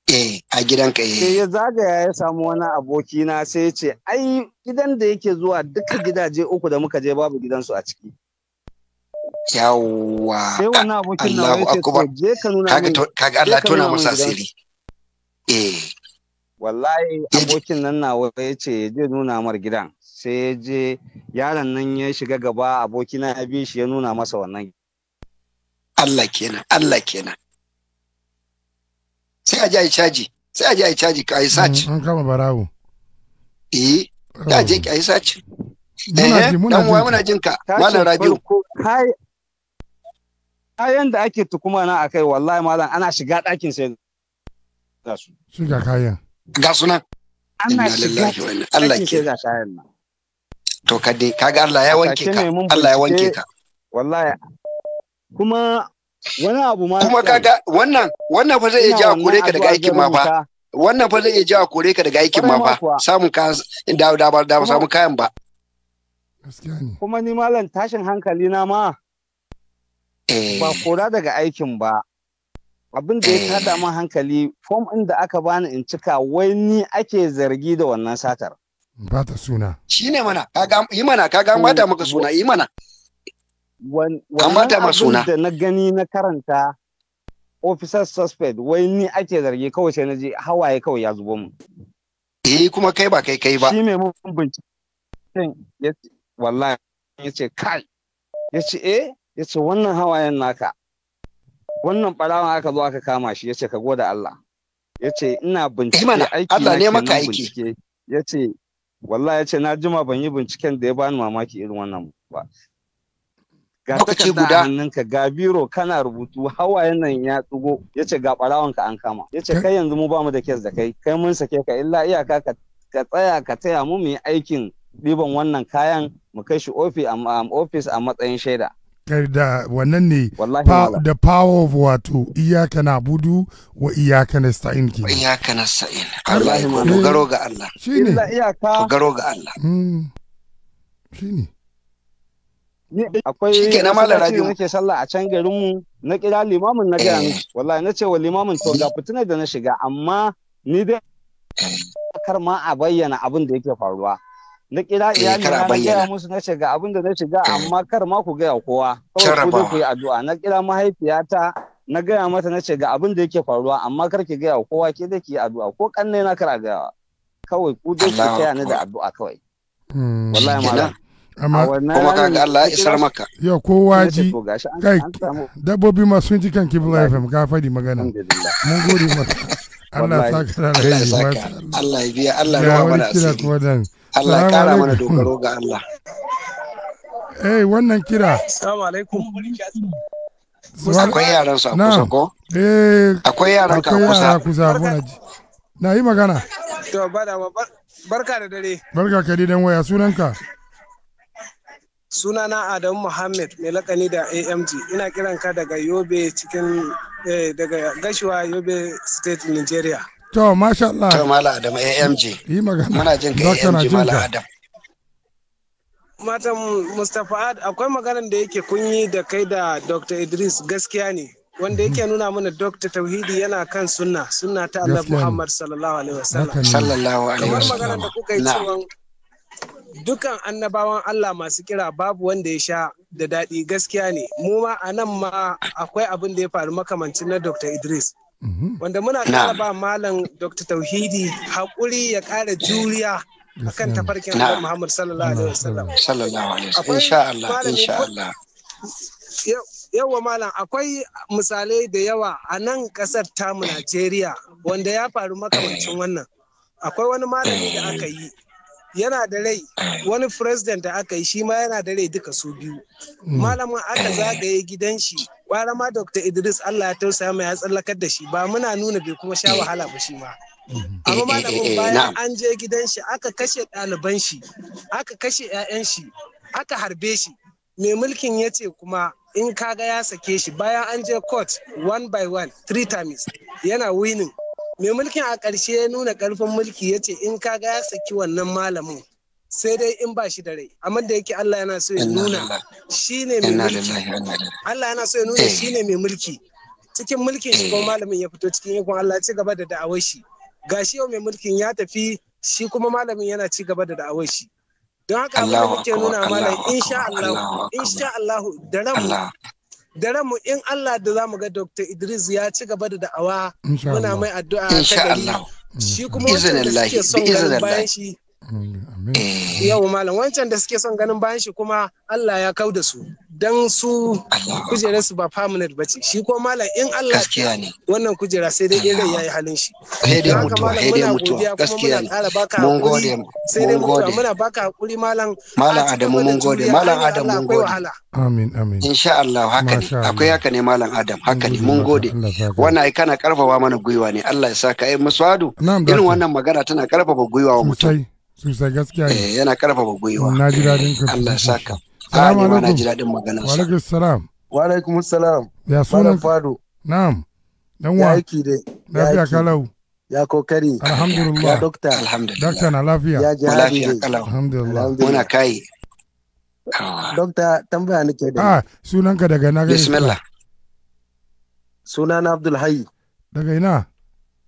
Eh, a gidan ka eh. Sai ya zagaya ya samu wani aboki na sai ya ce, ai gidan da yake zuwa duka gidaje uku da muka je babu gidansu a ciki.
Yawwa. Sai wani
abokin na ya ce, je ka nuna min. Kaga Allah tona masa asiri. Eh. Wallahi abokin nan nawa ya ce je nuna mar gidan. Sai ya je yaron nan ya shiga gaba abokina ya bi shi ya nuna masa wannan
Allah kenan Allah kenan sai a ji caji sai a ji a caji ka yi sachi mm, an kama barawo eh da je ki a yi saci eh, dan uwa muna jin ka malam radio kai
yanda ake tukuma na akai wallahi malam ana shiga dakin sai ga su
shiga kayan
ga sunan ana shiga Allah ke ga kayan nan to ka kaga Allah ya wanke ka Allah ya wanke ka wallahi kuma wani abu ma kuma kaga wannan wannan fa zai iya jawo kore ka daga aikin ma fa wannan fa zai iya jawo kore ka daga aikin ma fa samu ka da da ba da samu kayan ba
gaskiya ne kuma ni malam tashin hankali na ma ba eh. kora daga aikin ba abin da ya eh. tada min hankali form din da aka bani in cika wai ni ake zargi da wannan satar
ba ta suna
shine mana kaga yi
mana kaga an bata maka suna yi mana
wannan da na gani na karanta officer suspect wai ni ake zargi kawai sai na je hawaye kawai ya zubo mu
eh kuma kai ba kai kai ba shi mai mun
binciken yace wallahi yace kai yace eh yace wannan hawayen naka wannan barawa aka zo aka kama shi yace ka goda Allah yace ina bincike aiki Allah ne maka aiki yace wallahi yace na jima ban yi binciken da ya bani mamaki irin wannan ba ga takarda guda. hannunka ga biro kana rubutu hawa nan ya tsugo ya ce ga barawanka an kama ya ce kai yanzu mu ba mu da kes da kai kai mun sake ka illa iyaka ka tsaya ka taya mu mu aikin ɗiban wannan kayan mu kai shi ofis a matsayin shaida
da wannan ne da power of wato iyaka na budu wa iyaka na sta'in ki
iyaka na sta'in Allah ya eh, dogaro ga Allah shi iyaka dogaro ga Allah
hmm. shine akwai shikenan malam radio sallah a can garin mu na kira limamin na gaya miki wallahi nace wa limamin to ga fitinar da na shiga amma ni dai [laughs] kar ma a bayyana abin da yake faruwa na kira eh, iyali na gaya musu na shiga abin da na shiga eh. amma kar ma ku gaya kowa kawai ku ku yi addu'a na kira mahaifiyata na gaya mata na ce ga abin da yake faruwa amma kar ki gaya kowa ke da ki yi addu'a ko kanne na kara gaya kawai ku dai ku kaya ni da addu'a kawai hmm. wallahi malam
kuma
kaga Allah ya isar maka yau ko ji kai
dabbobi ma sun ji kan kibla fm ka fadi magana mun gode maka
[laughs] Allah ya saka da rai
Allah ya biya Allah ya mana asiri Allah ya kara mana dogaro ga Allah
eh wannan kira
assalamu alaikum akwai yaran su a kusa ko
eh akwai yaran ka kusa kusa bona ji na yi magana
to bada barka da dare
barka ka dan waya sunanka
sunana adam muhammad mai lakani da amg ina kiran ka daga yobe cikin eh, daga gashiwa yobe state nigeria
to masha Allah
to mala adam amg yi magana muna jin ka amg mala adam
matan mustapha akwai maganar da yake kunyi da kai da dr idris gaskiya ne wanda yake mhm. nuna mana Dr. tauhidi yana kan sunna sunna ta Allah muhammad sallallahu alaihi wasallam sallallahu alaihi wasallam kamar magana da kuka yi cewa dukan annabawan Allah masu kira babu wanda ya sha da daɗi gaskiya ne mu ma a nan ma akwai abin da ya faru makamancin na Dr. Idris mhm. wanda muna kara ba malam Dr. Tauhidi haƙuri ya ƙara juriya akan tafarkin Allah Muhammad sallallahu alaihi wasallam sallallahu alaihi wasallam insha Allah insha Allah yawa malam akwai misalai da yawa a nan ƙasar tamu Najeriya wanda ya faru makamancin eh. wannan akwai wani malami da aka yi yana da rai wani president da aka yi shi ma yana da rai duka su biyu malamin aka zagaye gidan shi kwara ma dr idris allah ya tausa mai ya tsallakar da shi ba muna nuna bai kuma sha wahala ba shi ma
amma eh, eh, malamin eh, bayan
an je gidan shi aka kashe ɗaliban shi aka kashe 'ya'yan shi aka harbe shi mai mulkin ya ce kuma in kaga ya sake shi bayan an je court one by one three times yana winning mai mulkin a ƙarshe ya nuna ƙarfin mulki ya ce in ka ya saki wannan malamin sai dai in ba shi da rai amma da yake Allah yana so ya nuna shi ne mai mulki Allah yana so ya nuna eh. shi ne mai mulki cikin mulkin shi ko eh. malamin ya fito cikin ikon Allah ci gaba da da'awar shi gashi yau mai mulkin ya tafi shi kuma malamin yana ci gaba da da'awar shi don haka abin da muke nuna malam insha Allah insha Allah da ranmu da ranmu in Allah da za mu ga Dr. Idris ya ci gaba da da'awa muna mai addu'a ta gari shi kuma wanda suke son bayan shi Yau malam wancan da suke son ganin bayan shi kuma Allah ya kau da su don su kujerar su ba permanent bace shi ko malam in Allah gaskiya ne wannan kujera sai dai irin yayi halin shi sai dai mutuwa sai dai mutuwa gaskiya ne mun gode sai dai mutuwa muna baka hakuri malam malam Adamu mun gode malam Adamu mun gode
amin amin
insha Allah haka ne akwai haka ne malam Adam haka ne mun gode wannan ai kana karfafa mana gwiwa ne Allah ya saka ai eh, muswadu irin wannan magana tana karfafa gwiwa wa mutum
Sosai gaskiya ne.
Eh, yana karfafa gwiwa.
Na ji daɗin ka. Allah saka. Salamu alaikum. Na ji daɗin magana sa. alaikum salam.
alaikum salam.
Ya sunan. Fado. Na'am. Dan wa. Ya aiki dai. Lafiya kalau. ya kokari alhamdulillah ya dokta alhamdulillah
dokta na lafiya ya ji lafiya
kalau alhamdulillah muna kai ah. dokta tambaya nake da ah
sunanka daga na bismillah
sunana abdul hayy daga ina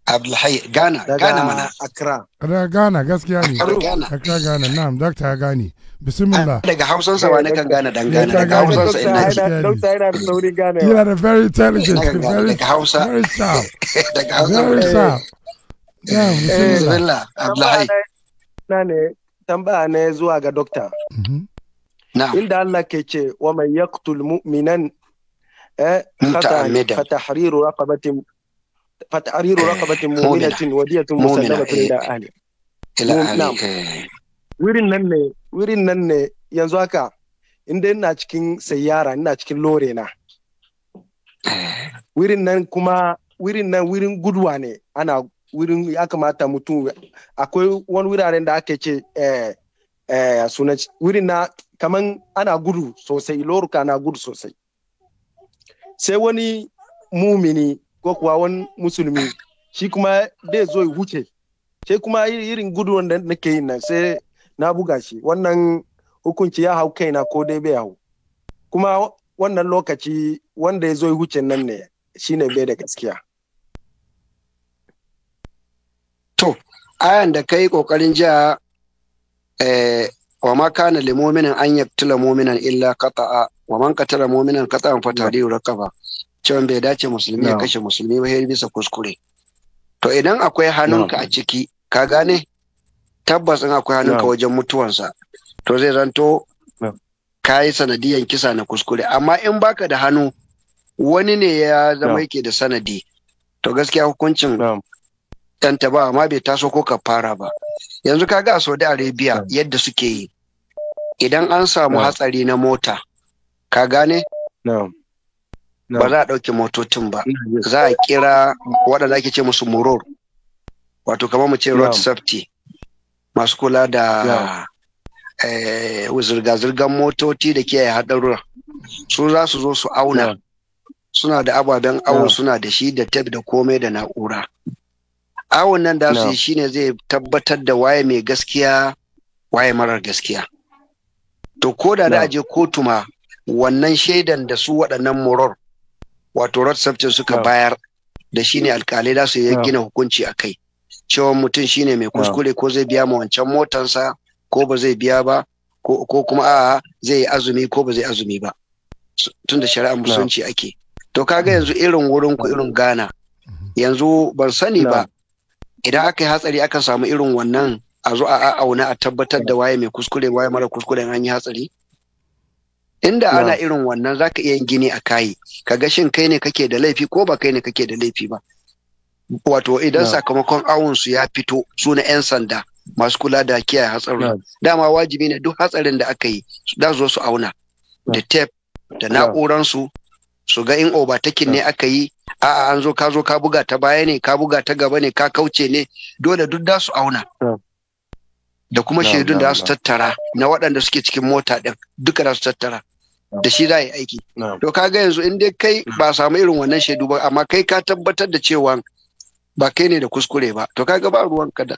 Abdulhai Ghana Ghana
mana Accra
Daga Ghana gaskiya ne Accra Ghana na'am dakta ya gane bismillah
ah, daga Hausan sa wani kan Ghana dan Ghana daga Hausan sa ina ji dakta yana da sauri Ghana yana da very intelligent very Hausa very sharp daga Hausa very sharp [laughs]
eh. na'am eh, bismillah Abdulhai
na ne tambaya ne zuwa ga doctor. Mm-hmm. na'am inda Allah ke ce wa man yaqtul mu'minan eh fatahriru raqabatin فتحرير رقبة مؤمنة ودية ali wurin nan ne wurin nan ne yanzu haka inda ina cikin sayyara ina cikin lore na wurin nan kuma wurin nan guduwa ne ana wurin ya akwai wani wuraren da aka ce eh, eh, wurin na kaman ana gudu sosai loruka na gudu sosai sai wani mumini ko kuwa wani musulmi shi kuma dai zo ya wuce sai kuma irin gudu wanda nake yi nan sai na buga shi wannan hukunci ya hau kaina ko dai bai hau kuma wannan lokaci wanda ya zo ya wuce nan
ne shine bai da gaskiya to ayan da kai kokarin jiya eh, wa ma kana lil an yaqtula mu'minan illa qata'a wa man qatala mu'minan qata'an fa rakaba cewa bai dace musulmi ya kashe musulmi ba bisa kuskure to idan akwai hannunka a ciki ka gane tabbas in akwai hannunka wajen mutuwansa to zai zanto ka yi sanadiyan kisa na kuskure amma in baka da hannu wani ne ya zama yake da sanadi to gaskiya hukuncin ta ba amma bai taso ko ka fara ba yanzu kaga a saudi arabia yadda suke yi idan an samu hatsari na mota ka gane ba za a ɗauke motocin ba za a kira waɗanda ake ce musu muror wato kamar mu ce road safety masu kula da eh, zirga-zirgar motoci da kiyaye haɗarura su za su zo su auna suna da ababen awo suna da shi da tab da komai da na'ura awon nan da su yi shine zai tabbatar da waye mai gaskiya waye marar gaskiya to ko da da aje kotu wannan shaidan da su waɗannan muror wato road safety suka bayar da shine alkalai za su yi gina hukunci a kai cewa mutum shine mai kuskure ko zai biya ma wancan motansa ko ba zai biya ba ko kuma a'a zai yi azumi ko ba zai azumi ba tun da shari'ar musulunci ake to kaga yanzu irin wurin ku irin gana mm-hmm. yanzu ban sani ba idan aka yi hatsari aka samu irin wannan a zo a auna a tabbatar da waye mai kuskure waye mara kuskure an yi hatsari inda ana irin wannan zaka iya yin gini a kayi kaga shin kai ne kake da laifi ko ba kai ne kake da laifi ba wato idan sakamakon awon su ya fito su 'yan sanda masu kula da kiyaye hatsarin dama wajibi ne duk hatsarin da aka yi da zo su auna da tape da na'uran su su ga in overtaking ne aka yi a'a an zo ka zo ka buga ta baya ne ka buga ta gaba ne ka kauce ne dole duk da su auna da kuma shaidun da su tattara na waɗanda suke cikin mota ɗin duka da su tattara da shi za a yi aiki to ka ga yanzu in dai kai ba samu irin wannan shaidu ba amma kai ka tabbatar da cewa ba kai ne da kuskure ba to ka ga ba ruwanka da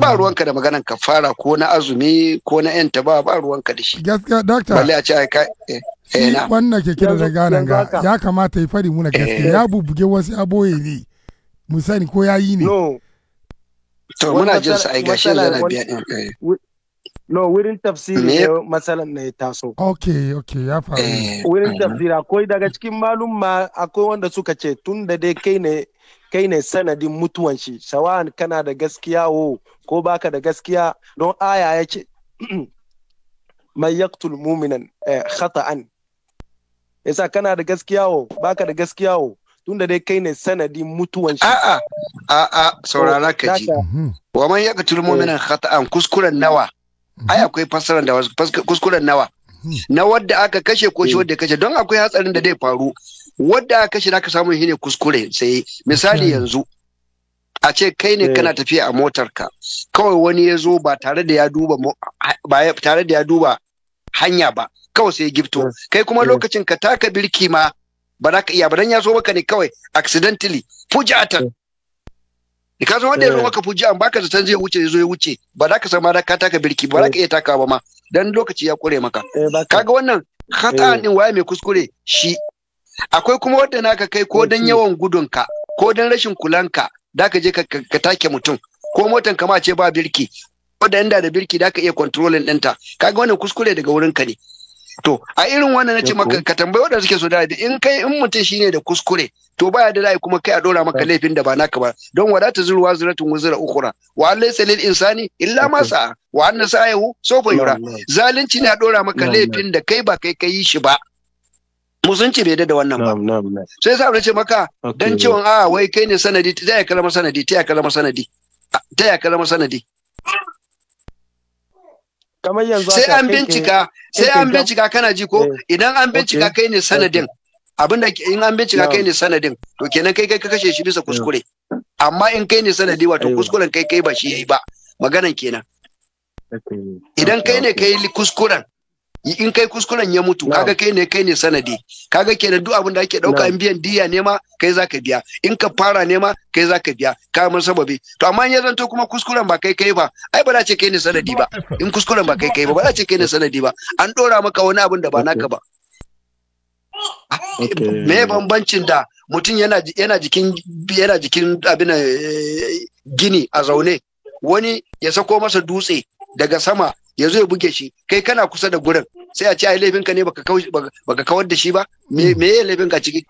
ba ruwanka da maganan fara ko na azumi ko na yanta ba ba ruwanka da shi gaskiya doctor balle a ce ai ka eh, eh na wannan ke kira da ganan ga ya
kamata ya fari muna gaskiya eh. ya bubuge wasu aboye ne mu sani ko ya yi ne to muna jin sa ai gashi yana biya din eh,
No, wurin tafsiri ne matsalan na ya taso. Ok,
ok, ya faru.
Eh, wurin tafsiri, akwai daga cikin malum ma akwai wanda suka ce tun da dai kai ne kai ne sanadin mutuwan shi, shawa'an kana da gaskiya wo ko baka da gaskiya don aya ya ce [clears throat] mai yaktul muminan eh, khata'an. Yasa kana da gaskiya wo baka da gaskiya wo tun da dai kai ne sanadin mutuwan shi. A'a,
a'a, saurara oh, ka ji. Mhm. Wa man yaktul muminan khata'an kuskuren nawa. ai akwai fassarar da kuskuren nawa hmm. na wadda aka kashe ko shi hmm. wadda kashe don akwai hatsarin da zai faru wadda aka kashe aka samu shine kuskure sai misali hmm. yanzu a ce kai ne kana tafiya a motarka kawai wani ya zo ba tare da ya duba ba tare da ya duba hanya ba kawai sai gifto kai kuma lokacin ka taka birki ma ba za ka iya ba dan ya so maka ne kawai accidentally fujatan da e ka san wanda ya zo eh. maka fujiya ba ka zaton zai wuce zo ya wuce ba za ka san ma ka taka birki ba za ka eh. iya takawa ba ma dan lokaci ya kure maka eh, kaga wannan hata din waye mai kuskure shi akwai kuma wanda naka kai ko dan yawan gudun ka ko dan rashin kulanka da ka je ka take mutum ko motan ma ce ba birki ko da inda da birki da ka iya controlling ɗinta kaga wannan kuskure daga wurin ka ne To a irin wannan na ce maka ka tambayi waɗanda suke so da in kai in mutum shine da kuskure to baya da rai kuma kai a dora maka laifin da ba naka ba don ta zuruwa zuratun wuzura ukura wa laysa lil insani illa ma sa'a wa anna sa'ahu sawfa yura zalunci ne a dora maka laifin da kai ba kai kai shi ba musunci bai da wannan ba sai sa ce maka dan cewa a ah, wai kai ne sanadi ta ya kalama sanadi ta ya sanadi ta ya sanadi kamar yanzu sai an bincika sai an bincika kana ji ko eh. idan an bincika kai ne sanadin abinda in an bincika kai ne sanadin to kenan kai kai ka kashe shi bisa kuskure amma in kai ne sanadi wato kuskuren kai kai ba shi yayi ba maganan kenan idan kai ne kai kuskuren in kai kuskuren ya mutu kaga kai ne kai ne sanadi kaga kenan duk abin da ake dauka in biyan diya ne ma kai zaka biya in ka fara ne ma kai zaka biya ka mun sababi to amma in ya zanto kuma kuskuren ba kai kai ba ai ba za ce kai ne sanadi ba in kuskuren ba kai kai ba ba za ce kai ne sanadi ba an dora maka wani abin da ba naka ba me bambancin da mutum yana yana jikin yana jikin abin eh, gini a zaune wani ya sako masa dutse daga sama ya ya buge shi kai kana kusa da gurin sai a ce ai laifinka ne baka kawar da shi ba me hmm. ya laifinka ciki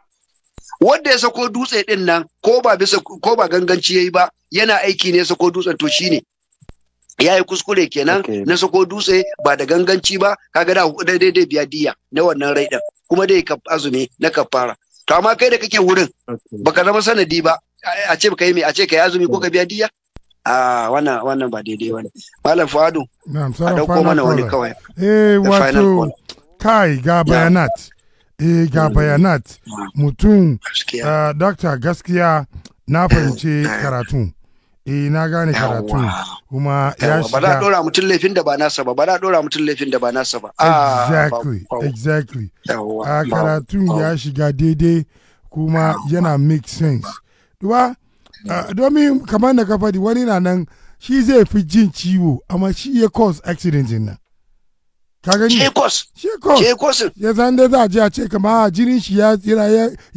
wanda ya sako dutse din nan ko ba bisa ko ba ganganci yayi ba yana aiki ne sako dutsen to shine ya yi kuskure kenan na sako dutse ba da ganganci ba kaga da daidai biya diya na wannan rai din kuma dai ka azumi na kafara to amma kai da kake wurin baka zama sanadi ba a ce kai me a ce kai azumi ko ka biya diya Ah, wannan wannan ba daidai bane malam fadu
a dauko mana wani kawai eh wato kai ga bayanat eh ga mm-hmm. bayanat mm-hmm. mutum ah, Dr. gaskiya na fahimci [coughs] eh. karatun eh na gane karatu kuma ya shiga ba da dora
mutum laifin da ba nasa ba ba da dora mutum laifin da ba nasa ba ah, exactly
exactly
a karatun
ya shiga daidai kuma yana make sense duba Ah, domin kamar da ka faɗi wani na nan shi zai fi jin ciwo amma shi ya cause accident nan ka gani shekos cause ya zan da za a ce kama ah, jinin shi ya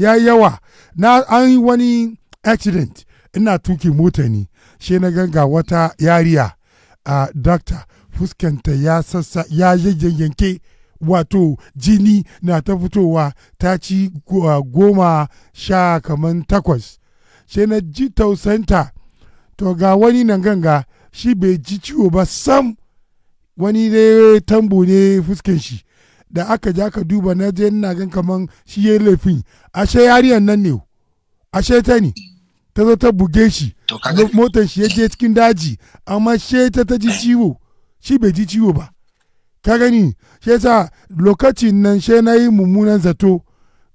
yawa na an yi wani accident ina tuki mota ne shi na ganga wata yariya a ah, doctor fuskanta ya sassa ya yayyanke wato jini na ta fitowa ta ci goma sha kaman takwas sai na ji tausanta to ga wani nan ganga shi bai ji ciwo ba sam wani ne tambo ne fuskan shi da aka ja ka duba na je na gan kaman shi ya laifin ashe yariyan nan ne ashe ta ne ta zo ta buge shi motar shi ya je cikin daji amma she ta ta ji ciwo shi bai ji ciwo ba ka gani shi sa lokacin nan she na yi mummunan zato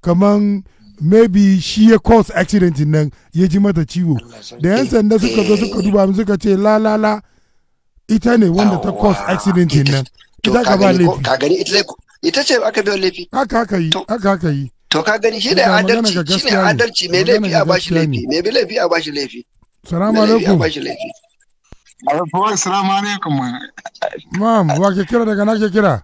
kaman maybe shi ya cause accident nan ya ji mata ciwo da yan sanda suka zo suka duba mu suka ce la la la ita ne wanda ta cause accident nan ita ka ba laifi
ka gani ita ce aka biyo laifi haka haka yi haka haka yi to ka gani shi ne adalci shi ne adalci mai laifi a bashi laifi mai bi laifi a bashi laifi salamu alaikum
Assalamu alaikum. Ma'am, wa ke kira daga na ke kira?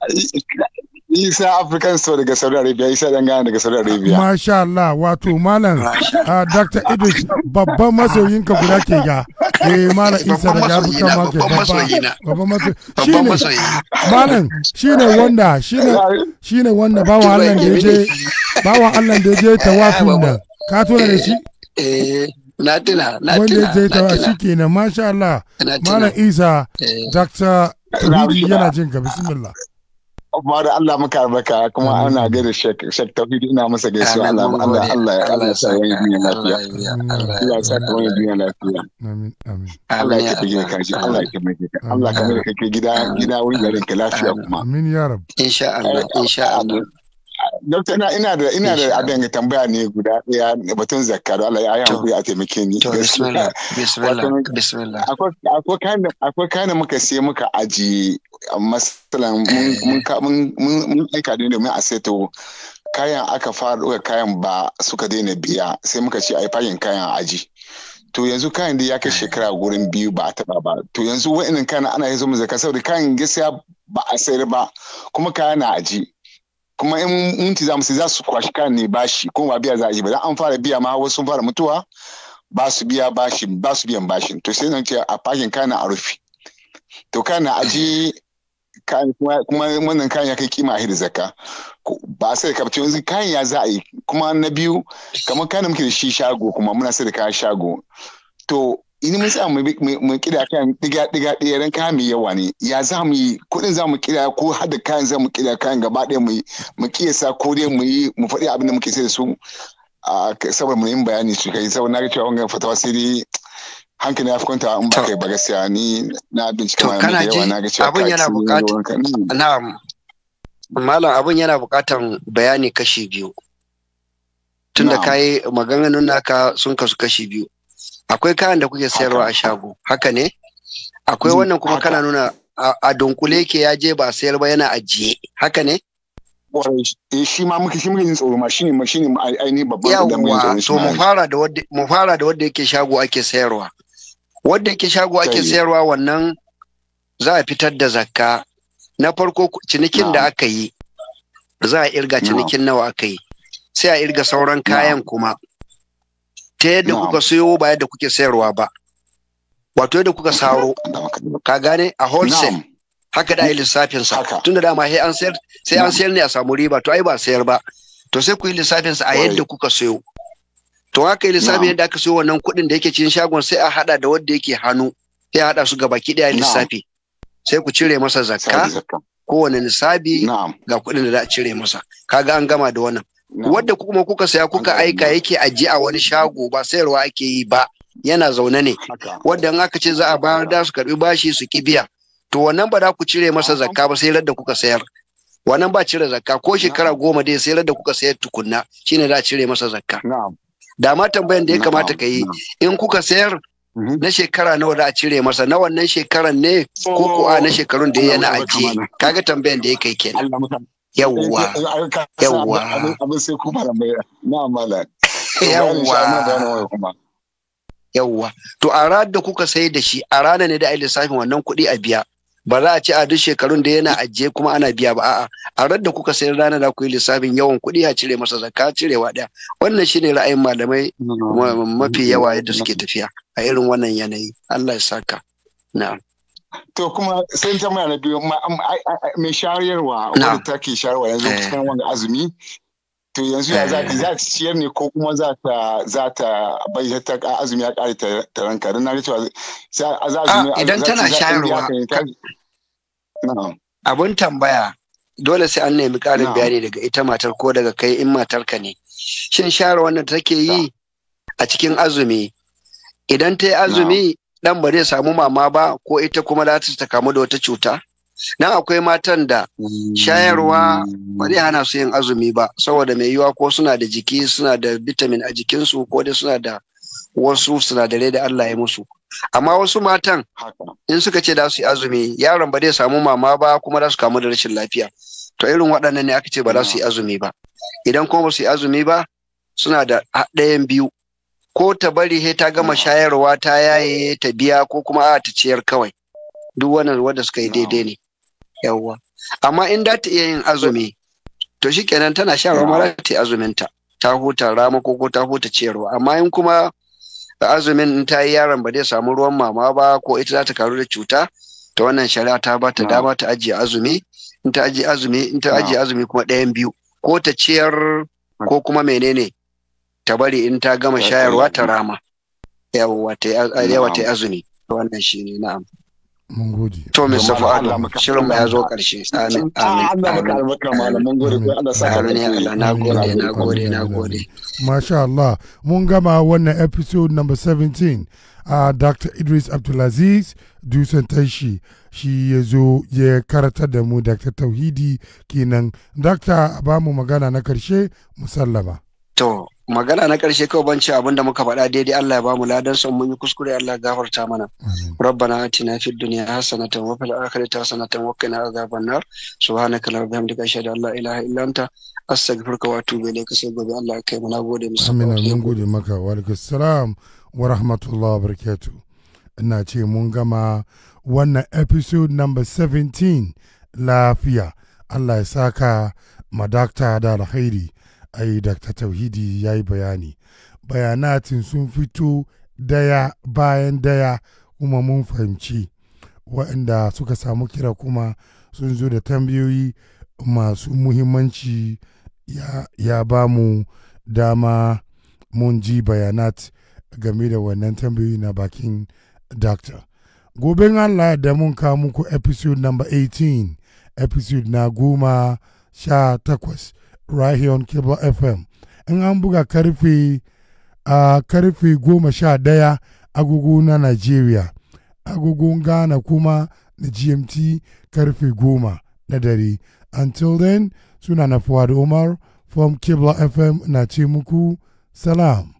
Isa African Store daga Saudi Arabia, Isa gana daga Saudi Arabia.
Masha Allah, wato Malam ah, Dr. Idris babban ka guda ke ga. Eh Malam Isa daga African Market babban masoyina Babban masoyina. Malam shine wanda shine shine wanda bawa Allah da yaje bawa Allah da yaje tawafin nan. Ka tona da shi?
Eh na tuna na Wanda yaje
shikenan Masha Allah. Malam Isa eh. Dr. yana jin ka bismillah.
amma
da Allah maka albarka kuma ana gaida shek shek tauhidi ina masa gaisuwa Allah Allah Allah Allah ya sa duniya lafiya Allah ya sa ka duniya lafiya amin amin Allah ya kike Allah ya kike Allah kamar kake gida gida wurin garin ka lafiya kuma amin ya insha Allah insha Allah Dokta ina ina da ina da abin tambaya ne guda ɗaya batun zakka da Allah ya hankuri a taimake ni. To bismillah bismillah bismillah. Akwai kayan da muka sai muka aji masalan eh, eh. mun mun mun aika ne domin a seto kayan aka fara ɗora kayan ba suka daina biya sai muka ce ai fayin kayan aji. to yanzu kayan da ya kai eh. shekara gurin biyu ba a taba ba to yanzu wa'annan kayan ana yanzu mu zaka saboda kayan gaskiya ba a sayar ba kuma kayan na aji kuma in minti za mu za su kwashi kan ne bashi kuma ba biya za a yi ba za an fara biya ma wasu fara mutuwa ba su biya bashin ba su biyan bashin to sai zance a fakin kana a rufi to kana aji kuma wannan kayan ya kai kima a zaka ba sai da bace yanzu kayan ya za a yi kuma na biyu kamar kana muke da shi shago kuma muna sai da kayan shago to Ini mun sa mu kira kan diga diga diga ran kaya mai yawa ne ya za mu yi kudin za mu kira ko hada kayan za mu kira kayan gaba ɗaya mu yi mu kiyasa ko dai mu yi mu faɗi abin da muke sai da su saboda mu yi bayani shi kai saboda na ga cewa wannan fatawa sai dai hankali ya fi kwanta in ba kai ba gaskiya ni na bincika ma da yawa na ga cewa abin yana bukatan na'am
malam abin yana bukatan bayani kashi biyu tunda kai maganganun naka sun kasu kashi biyu akwai kayan da kuke sayarwa a shago haka ne akwai mm, wannan kuma kana nuna a dunkule ke ya je ba sayar ba yana ajiye haka ne eh, shi ma muke shi muke yin tsoro ma shine ma shine ainihin babban da mu yi to mu fara da wanda mu fara da wanda yake shago ake sayarwa wanda yake shago ake sayarwa wannan za a fitar da zakka na farko cinikin da aka yi za a irga cinikin nawa aka yi sai a irga sauran kayan kuma ta yadda kuka sayo ba yadda kuke sayarwa ba wato yadda kuka saro ka gane a wholesale haka da lissafin sa tunda dama sai an sayar sai an sayar ne a samu riba to ai ba sayar ba to sai ku yi lissafin sa a yadda kuka sayo to haka yi lissafin yadda aka sayo wannan kuɗin da yake cikin shagon sai a hada da wanda yake hannu sai a hada su gaba baki daya lissafi sai ku cire masa zakka kowane nisabi ga kuɗin da za a cire masa kaga an gama da wannan wadda kuma kuka saya kuka aika yake ajiye a wani shago ba sayarwa ake yi ba yana zaune ne wadda in aka ce za a bayar da su karbi bashi su ki biya to wannan ba za ku cire masa zakka ba sai da kuka sayar wannan ba cire zakka ko shekara goma dai sai da kuka sayar tukunna shine za a cire masa zakka da ma tambayan da ya kamata ka yi in kuka sayar mhm. na shekara nawa za a cire masa na wannan shekaran ne ko kuwa na oh. shekarun da yana ajiye kaga tambayan da ya kai kenan yawwa yawwa yawwa yawwa to a ranar da kuka sai da shi a ranar ne da ai lissafin wannan kuɗi a biya ba za a ce a duk shekarun da yana ajiye kuma ana biya ba a'a a ranar da kuka sayar ranar da ku yi lissafin yawan kuɗi a cire masa zakka cirewa ɗaya wannan shine ra'ayin malamai mm-hmm. mafi yawa yadda suke mm-hmm. tafiya a irin wannan yanayi Allah ya saka na'am
To kuma sai ta na biyu mai shayarwa ta ke shayarwa yanzu eh. cikin wani azumi to yanzu ya eh. za ta ciyar ne ko kuma za ta za ta bai ta azumi ya kare ta ranka don na ga cewa za ah, azumi idan tana shayarwa
abun tambaya dole sai an nemi ƙarin bayani daga ita matar ko daga kai in matar ka ne shin shayarwa wannan take yi a cikin azumi idan ta yi azumi dan ba zai samu mama ba ko ita kuma za ta kamu da wata cuta nan akwai matan da shayarwa ba zai hana su yin azumi ba saboda mai yiwuwa ko suna da jiki suna da vitamin a jikinsu ko dai suna da wasu sinadarai da Allah ya musu amma wasu matan in suka ce da su yi azumi yaron ba zai samu mama ba kuma za su kamu da rashin lafiya to irin waɗannan ne aka ce ba za su yi azumi ba idan kuma ba su yi azumi ba suna da ɗayan biyu ko ta bari he ta gama hmm. shayarwa ta yaye ta biya ko kuma a ta ciyar kawai duk wannan wanda suka yi daidai hmm. ne yawwa amma in da ta iya yin azumi to shikenan tana shan mara ta azumin ta ta huta rama ko ko ta huta ciyarwa amma in kuma azumin in ta yi yaron ba zai samu ruwan mama ba ko ita za ta karu da cuta ta wannan shari'a ta ba ta hmm. dama ta ajiye azumi in ta ajiye azumi in ta ajiye azumi kuma ɗayan biyu ko ta ciyar ko kuma menene ta bari in ta gama shayarwa ta rama yawa ta azumi wannan shi ne na'am mun gode to mai safa'adu shirin ya zo karshe amin amin na ah, gode na gode na gode
masha Allah mun gama wannan episode number 17 uh, Dr. Idris Abdulaziz Dusan Taishi shi ya zo ya karatar da mu Dr. Tauhidi kenan Dr. ba mu magana na karshe musallama
to magana na karshe kawai ban ce abinda muka faɗa daidai Allah ya ba mu ladan son mun yi kuskure Allah gafarta mana rabbana atina fid dunya hasanatan wa fil akhirati hasanatan wa qina azaban nar subhanaka la bihamdika ashhadu an la ilaha illa anta astaghfiruka wa atubu ilayka sai gobe Allah kai mu nagode musamman amin mun
gode maka wa alaikum salam wa rahmatullahi wa barakatuh ina ce mun gama wannan episode number 17 lafiya Allah ya saka madakta da alkhairi ai Dr. Tauhidi ya yi bayani bayanatin sun fito daya bayan daya kuma mun fahimci waɗanda suka samu kira kuma sun zo da tambayoyi masu muhimmanci ya, ya ba mu dama mun ji bayanat game da wannan tambayoyi na bakin doctor gobe Allah da mun kawo muku episode number 18 episode na goma sha takwas right here on cable fm in an buga karfe a uh, karfe goma sha daya agogo na nigeria agogon ghana kuma na gmt karfe goma na dare until then suna na fuad omar from cable fm na muku salam